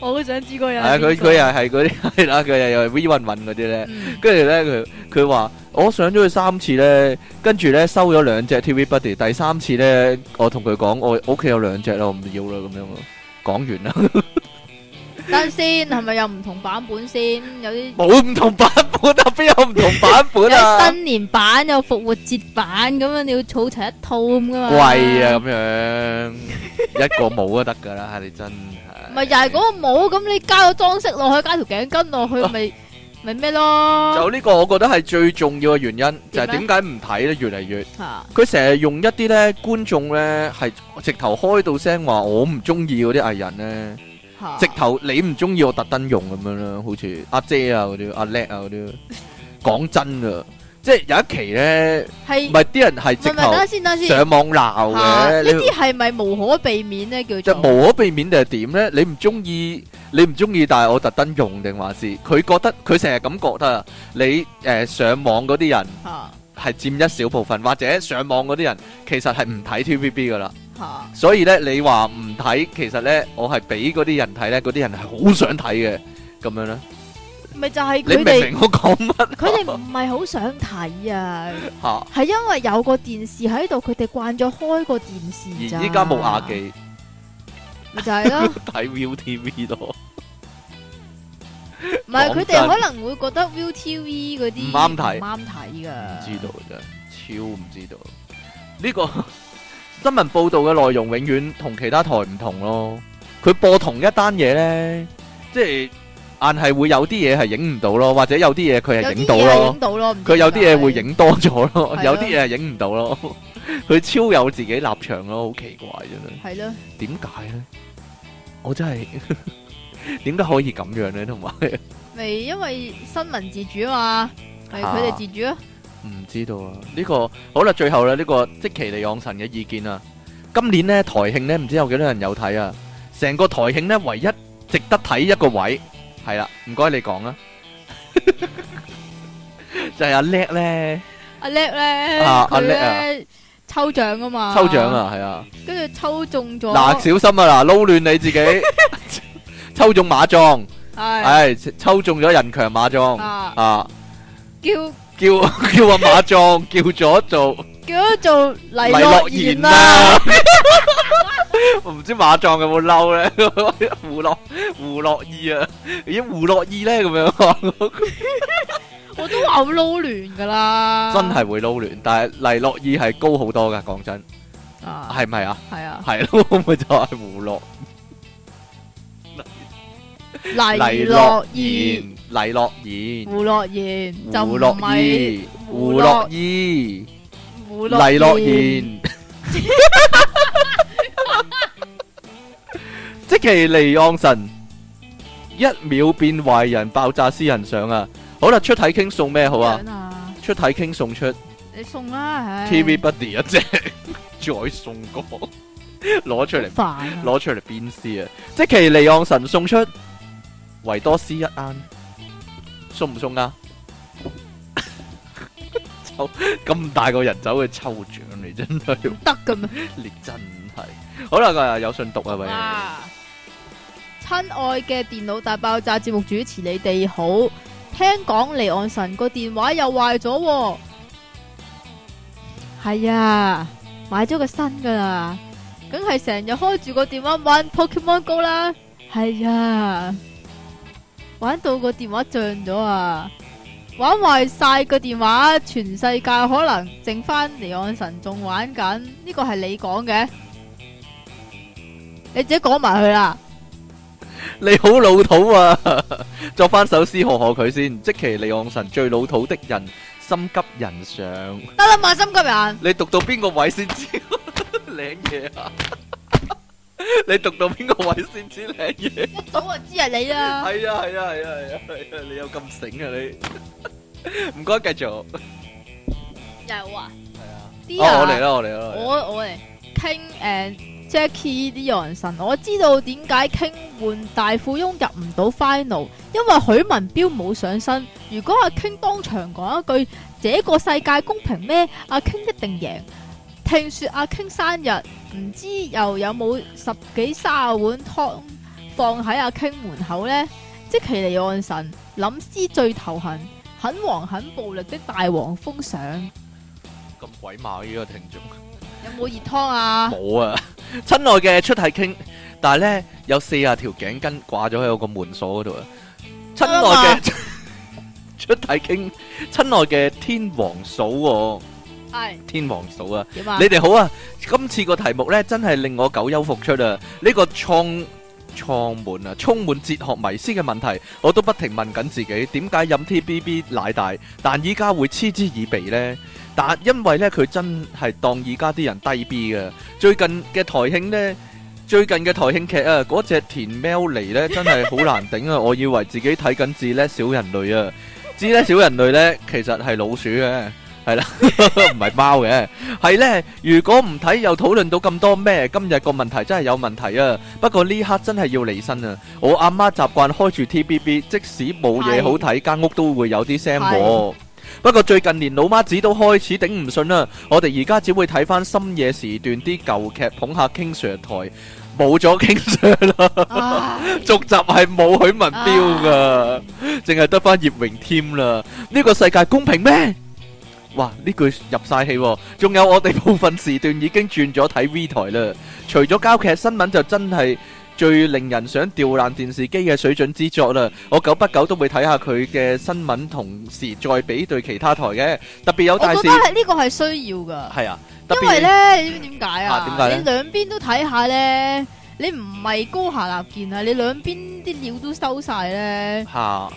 Speaker 2: 我好想知嗰人。佢佢
Speaker 1: 又係嗰啲係啦，佢又又 We 韞韞嗰啲咧。跟住咧佢佢話我上咗佢三次咧，跟住咧收咗兩隻 TV Buddy。第三次咧，我同佢講我屋企有兩隻咯，唔要啦咁樣咯。講完啦。
Speaker 2: 等先，係咪有唔同版本先？有啲
Speaker 1: 冇唔同版本，特邊有唔同版本啊？本啊 新
Speaker 2: 年版，有復活節版，咁樣你要儲齊一套咁噶嘛？貴啊，
Speaker 1: 咁樣 一個帽都得噶啦，你真
Speaker 2: 係唔係又係嗰個帽？咁你加個裝飾落去，加條頸巾落去，咪咪咩咯？就
Speaker 1: 呢個，我覺得係最重要嘅原因，就係點解唔睇咧？越嚟越，佢成日用一啲咧觀眾咧，係直頭開到聲話，我唔中意嗰啲藝人咧。直頭你唔中意我特登用咁樣啦，好似阿姐啊嗰啲、阿叻啊嗰啲。講真噶，即係有一期咧，係
Speaker 2: 唔係啲人係直頭上網
Speaker 1: 鬧嘅。呢啲
Speaker 2: 係咪無可避免咧？叫做就無可
Speaker 1: 避免定係點咧？你唔中意，你唔中意，但係我特登用定還是佢覺得佢成日咁覺得，你誒上網嗰啲人係佔一小部分，或者上網嗰啲人其實係唔睇 TVB 噶啦。所以咧，你話唔睇，其實咧，我係俾嗰啲人睇咧，嗰啲人係好想睇嘅，咁樣咧，
Speaker 2: 咪就係佢哋。你明唔明我講乜？佢哋唔係好想睇啊，係因為有個電視喺度，佢哋慣咗開個電視。而依家冇亞記，咪就係咯，
Speaker 1: 睇 Viu TV 咯。唔
Speaker 2: 係佢哋可能會覺得 Viu TV 嗰啲唔啱睇，唔啱睇噶，唔
Speaker 1: 知道啫，超唔知道呢個。新聞報道嘅內容永遠同其他台唔同咯，佢播同一單嘢呢，即係硬係會有啲嘢係影唔到咯，或者有啲嘢佢係影到咯，佢有啲嘢會影多咗咯，有啲嘢係影唔到咯，佢超有自己立場咯，好奇怪真係。係咯，點解呢？我真係點解可以咁樣呢？同埋
Speaker 2: 咪因為新聞自主啊嘛，係佢哋自主啊。
Speaker 1: 唔知道啊？呢個好啦，最後啦，呢個積淇離岸神嘅意見啊。今年咧台慶咧，唔知有幾多人有睇啊？成個台慶咧，唯一值得睇一個位係啦，唔該你講啊。就係阿叻咧，
Speaker 2: 阿叻咧，阿叻啊！抽獎啊嘛，抽獎啊，係啊。跟住抽中咗，嗱小
Speaker 1: 心啊，嗱撈亂你自己，抽中馬壯，係，係抽中咗人強馬壯，啊，
Speaker 2: 叫。
Speaker 1: 叫叫阿馬壯叫咗做
Speaker 2: 叫咗做黎樂言啊！
Speaker 1: 唔知馬壯有冇嬲咧胡樂胡樂意啊？咦胡樂意咧咁樣，
Speaker 2: 我都話會撈亂噶啦，真係
Speaker 1: 會撈亂。但係黎樂意係高好多噶，講真，係咪啊？係啊，係咯，咪就係胡樂。
Speaker 2: 黎諾言、
Speaker 1: 黎諾言、胡
Speaker 2: 諾言、胡諾言、胡諾言、胡諾言、黎諾言，
Speaker 1: 積淇離岸神一秒變壞人，爆炸私人相啊！好啦，出體 king 送咩好啊？出體 king 送出，
Speaker 2: 你送啦，TV
Speaker 1: Buddy 一隻，再送個攞出嚟，攞出嚟鞭屍啊！積淇離岸神送出。維多斯一啱鬆唔鬆啊？就咁大個人走去抽獎嚟啫，唔得噶咩？你真係好啦，今日有信讀啊，咪
Speaker 2: 親愛嘅電腦大爆炸節目主持，你哋好，聽講，離岸神個電話又壞咗。係啊，買咗個新噶啦。梗係成日開住個電話玩 Pokemon Go 啦，係啊。玩到個電話脹咗啊！玩壞晒個電話，全世界可能剩翻離岸神仲玩緊。呢個係你講嘅，你自己講埋佢啦。
Speaker 1: 你好老土啊！作翻首詩賀賀佢先，積淇離岸神最老土的人，心急人上。
Speaker 2: 得啦，嘛心急人。
Speaker 1: 你讀到邊個位先知？
Speaker 2: 領嘢啊！
Speaker 1: 你讀到邊個位先知靚嘢？ 一早我知係你啦。係啊係，啊係，啊係，啊係啊！你有咁醒啊你？唔該繼續。又
Speaker 2: 係我啊？係啊。我嚟啦，我嚟啦。我我嚟傾誒 Jacky 啲人神！我知道點解傾換大富翁入唔到 Final，因為許文彪冇上身。如果阿傾當場講一句，這個世界公平咩？阿傾一定贏。聽說阿 King 生日，唔知又有冇十幾卅碗湯放喺阿 King 門口呢？積淇離岸神諗思最頭痕，很黃很暴力的大黃蜂上。
Speaker 1: 咁鬼馬呢個聽眾？
Speaker 2: 有冇熱湯啊？
Speaker 1: 冇啊！親愛嘅出體 king，但係呢，有四十條頸巾掛咗喺我個門鎖嗰度啊！
Speaker 2: 親愛嘅
Speaker 1: 出體 king，親愛嘅天王嫂。天王嫂啊！啊你哋好啊！今次個題目呢，真係令我久憂復出啊！呢、呢個創創門啊，充滿哲學迷思嘅問題，我都不停問緊自己，點解飲 TBB 奶大，但依家會嗤之以鼻呢？但因為呢，佢真係當依家啲人低 B 嘅。最近嘅台慶呢，最近嘅台慶劇啊，嗰隻田喵嚟呢，真係好難頂啊！ 我以為自己睇緊《自叻小人類》啊，《自叻小人類》呢，其實係老鼠嘅。係啦，唔係貓嘅，係呢。如果唔睇又討論到咁多咩？今日個問題真係有問題啊！不過呢刻真係要離身啊！我阿媽習慣開住 TBB，即使冇嘢好睇，間屋都會有啲聲。不過最近連老媽子都開始頂唔順啦。我哋而家只會睇翻深夜時段啲舊劇，捧下傾上台，冇咗傾上啦。續集係冇許文彪噶，淨係得翻葉榮添啦。呢個世界公平咩？哇！呢句入曬氣喎，仲有我哋部分時段已經轉咗睇 V 台啦。除咗交劇新聞，就真係最令人想掉爛電視機嘅水準之作啦。我久不久都會睇下佢嘅新聞，同時再比對其他台嘅。特別有大事，我覺得係
Speaker 2: 呢個係需要㗎。
Speaker 1: 係啊，因為呢，你知唔知
Speaker 2: 點解啊？點解呢？你兩邊都睇下呢，你唔係高下立見啊！你兩邊啲料都收曬呢。好。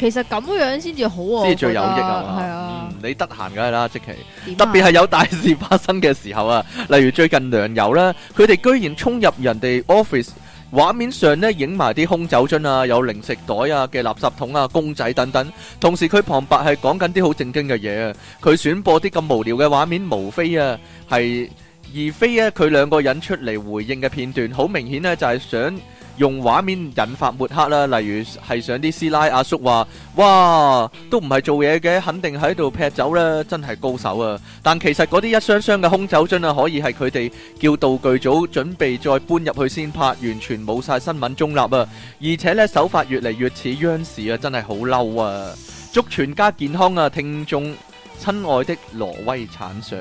Speaker 2: 其實咁樣先至好喎，先最有益啊！係啊，
Speaker 1: 你得閒梗係啦，積淇，特別係有大事發生嘅時候啊，例如最近梁游咧，佢哋居然衝入人哋 office 畫面上咧影埋啲空酒樽啊、有零食袋啊嘅垃圾桶啊、公仔等等，同時佢旁白係講緊啲好正經嘅嘢啊，佢選播啲咁無聊嘅畫面，無非啊係而非咧佢兩個人出嚟回應嘅片段，好明顯咧就係想。用畫面引發抹黑啦，例如係上啲師奶阿叔話：哇，都唔係做嘢嘅，肯定喺度劈酒啦，真係高手啊！但其實嗰啲一箱箱嘅空酒樽啊，可以係佢哋叫道具組準備再搬入去先拍，完全冇晒新聞中立啊！而且呢手法越嚟越似央視啊，真係好嬲啊！祝全家健康啊，聽眾親愛的挪威產相，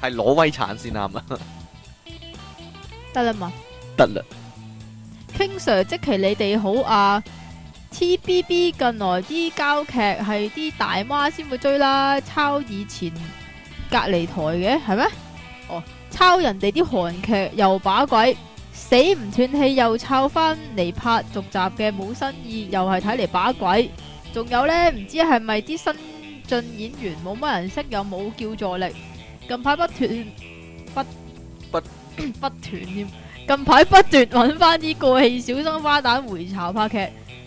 Speaker 1: 係挪威產先啱啊，係咪？
Speaker 2: 得啦嘛，得啦。King Sir，積淇你哋好啊！TBB 近來啲膠劇係啲大媽先會追啦，抄以前隔離台嘅係咩？哦，抄人哋啲韓劇又把鬼，死唔斷氣又抄翻嚟拍續集嘅冇新意，又係睇嚟把鬼。仲有呢，唔知係咪啲新進演員冇乜人識，又冇叫助力，近排不斷不不。不 不斷添，近排不斷揾翻啲過氣小生花旦回巢拍劇，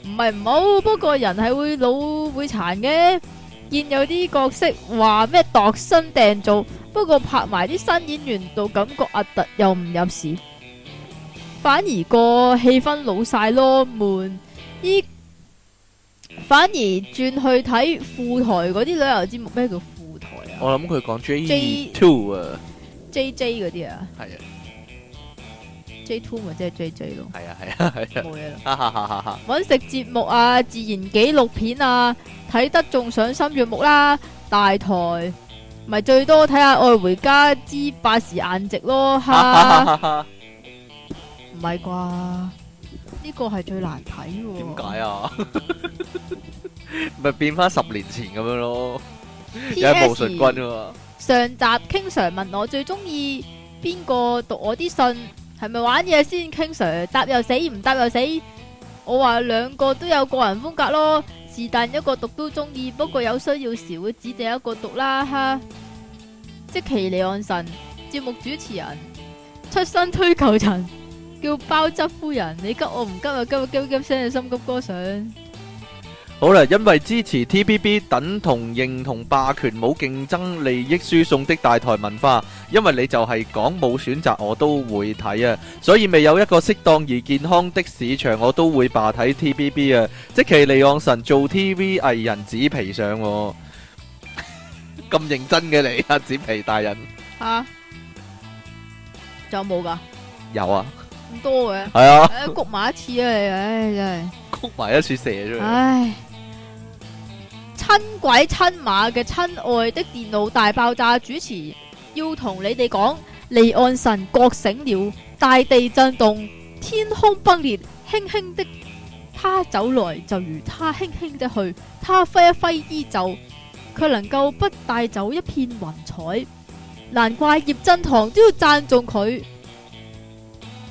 Speaker 2: 唔係唔好，不過人係會老會殘嘅。見有啲角色話咩度身訂做，不過拍埋啲新演員，就感覺阿、啊、特又唔入時，反而個氣氛老晒咯，悶。依反而轉去睇副台嗰啲旅遊節目，咩叫副
Speaker 1: 台啊？我諗佢講 J Two 啊 J J，J
Speaker 2: J 嗰啲啊，係啊。 J Two 咪即係 J J 咯，係啊係啊，係啊，冇嘢啦。揾 食節目啊，自然紀錄片啊，睇得仲賞心悦目啦。大台咪最多睇下《愛回家之百事宴席》咯，吓，唔係啩？呢個係最難睇嘅，點解啊？
Speaker 1: 咪 變翻十年前咁樣咯，
Speaker 2: 又係劉俊君。上集 King Sir 問我最中意邊個讀我啲信。係咪玩嘢先傾？King Sir 答又死唔答又死。我話兩個都有個人風格咯，是但一個讀都中意，不過有需要時會指定一個讀啦。哈，積淇離岸神，節目主持人，出身推球塵，叫包質夫人。你急我唔急啊！急急急聲，心急，急，急，急歌上。
Speaker 1: 好啦，因為支持 TBB 等同認同霸權、冇競爭利益輸送的大台文化，因為你就係講冇選擇，我都會睇啊。所以未有一個適當而健康的市場，我都會罷睇 TBB 啊。即積淇離岸神做 T V 藝人紙皮上，咁認真嘅你啊，紙皮大人吓，有冇噶？有啊。
Speaker 2: 多嘅係啊，焗埋一次啊！唉、哎，真係
Speaker 1: 焗埋一次射咗。唉，
Speaker 2: 親鬼親馬嘅親愛的電腦大爆炸主持要同你哋講，離岸神覺醒了，大地震動，天空崩裂。輕輕的，他走來，就如他輕輕的去。他揮一揮衣袖，卻能夠不帶走一片雲彩。難怪葉振棠都要讚頌佢。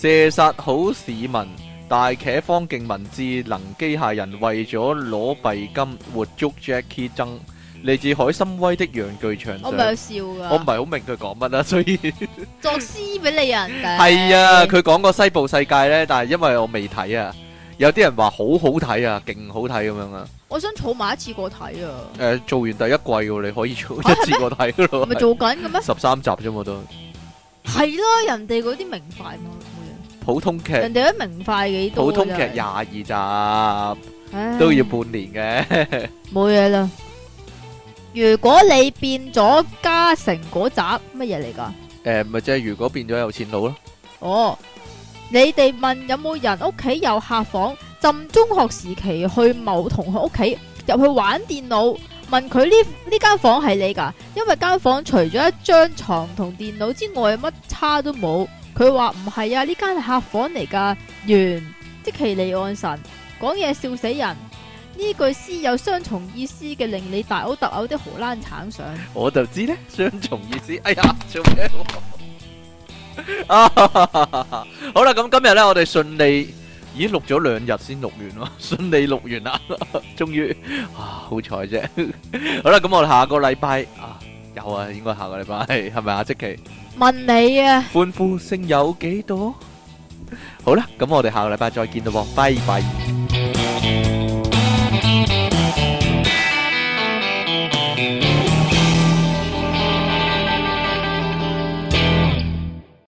Speaker 1: 射殺好市民，大茄方勁文字能機械人為咗攞幣金，活捉 Jackie 增，嚟自海參崴的楊巨長。我唔係好
Speaker 2: 笑噶，我唔
Speaker 1: 係好明佢講乜啊，所以
Speaker 2: 作詩俾你啊，人係
Speaker 1: 啊，佢講個西部世界咧，但係因為我未睇啊，有啲人話好好睇啊，勁好睇咁樣啊，
Speaker 2: 我想儲埋一次過睇啊，
Speaker 1: 誒，做完第一季，你可以儲一次過睇咯，咪做緊嘅咩？十三集啫嘛，都
Speaker 2: 係咯，人哋嗰啲明快嘛。
Speaker 1: 普通劇人哋
Speaker 2: 都明快幾多啊！普通劇廿
Speaker 1: 二集，唉 都要半年嘅。
Speaker 2: 冇嘢啦。如果你變咗嘉誠嗰集乜嘢嚟噶？
Speaker 1: 誒，咪即係如果變咗有錢佬
Speaker 2: 咯。哦，你哋問有冇人屋企有客房？浸中學時期去某同學屋企入去玩電腦，問佢呢，呢間房係你噶？因為間房除咗一張床同電腦之外，乜差都冇。佢話唔係啊，呢間係客房嚟噶。完，積淇離岸神，講嘢，笑死人。呢句詩有雙重意思嘅，令你大嘔特嘔啲荷蘭橙相。
Speaker 1: 我就知咧，雙重意思。哎呀，做咩、啊？好啦，咁今日咧，我哋順利已經錄咗兩日先錄完咯，順利錄完啦，終於啊，好彩啫。啊啊啊、 好啦，咁我下個禮拜啊，有啊，應該下個禮拜係咪啊？積淇。問你啊！歡呼聲有幾多？好啦，咁我哋下個禮拜再見啦喎，拜拜！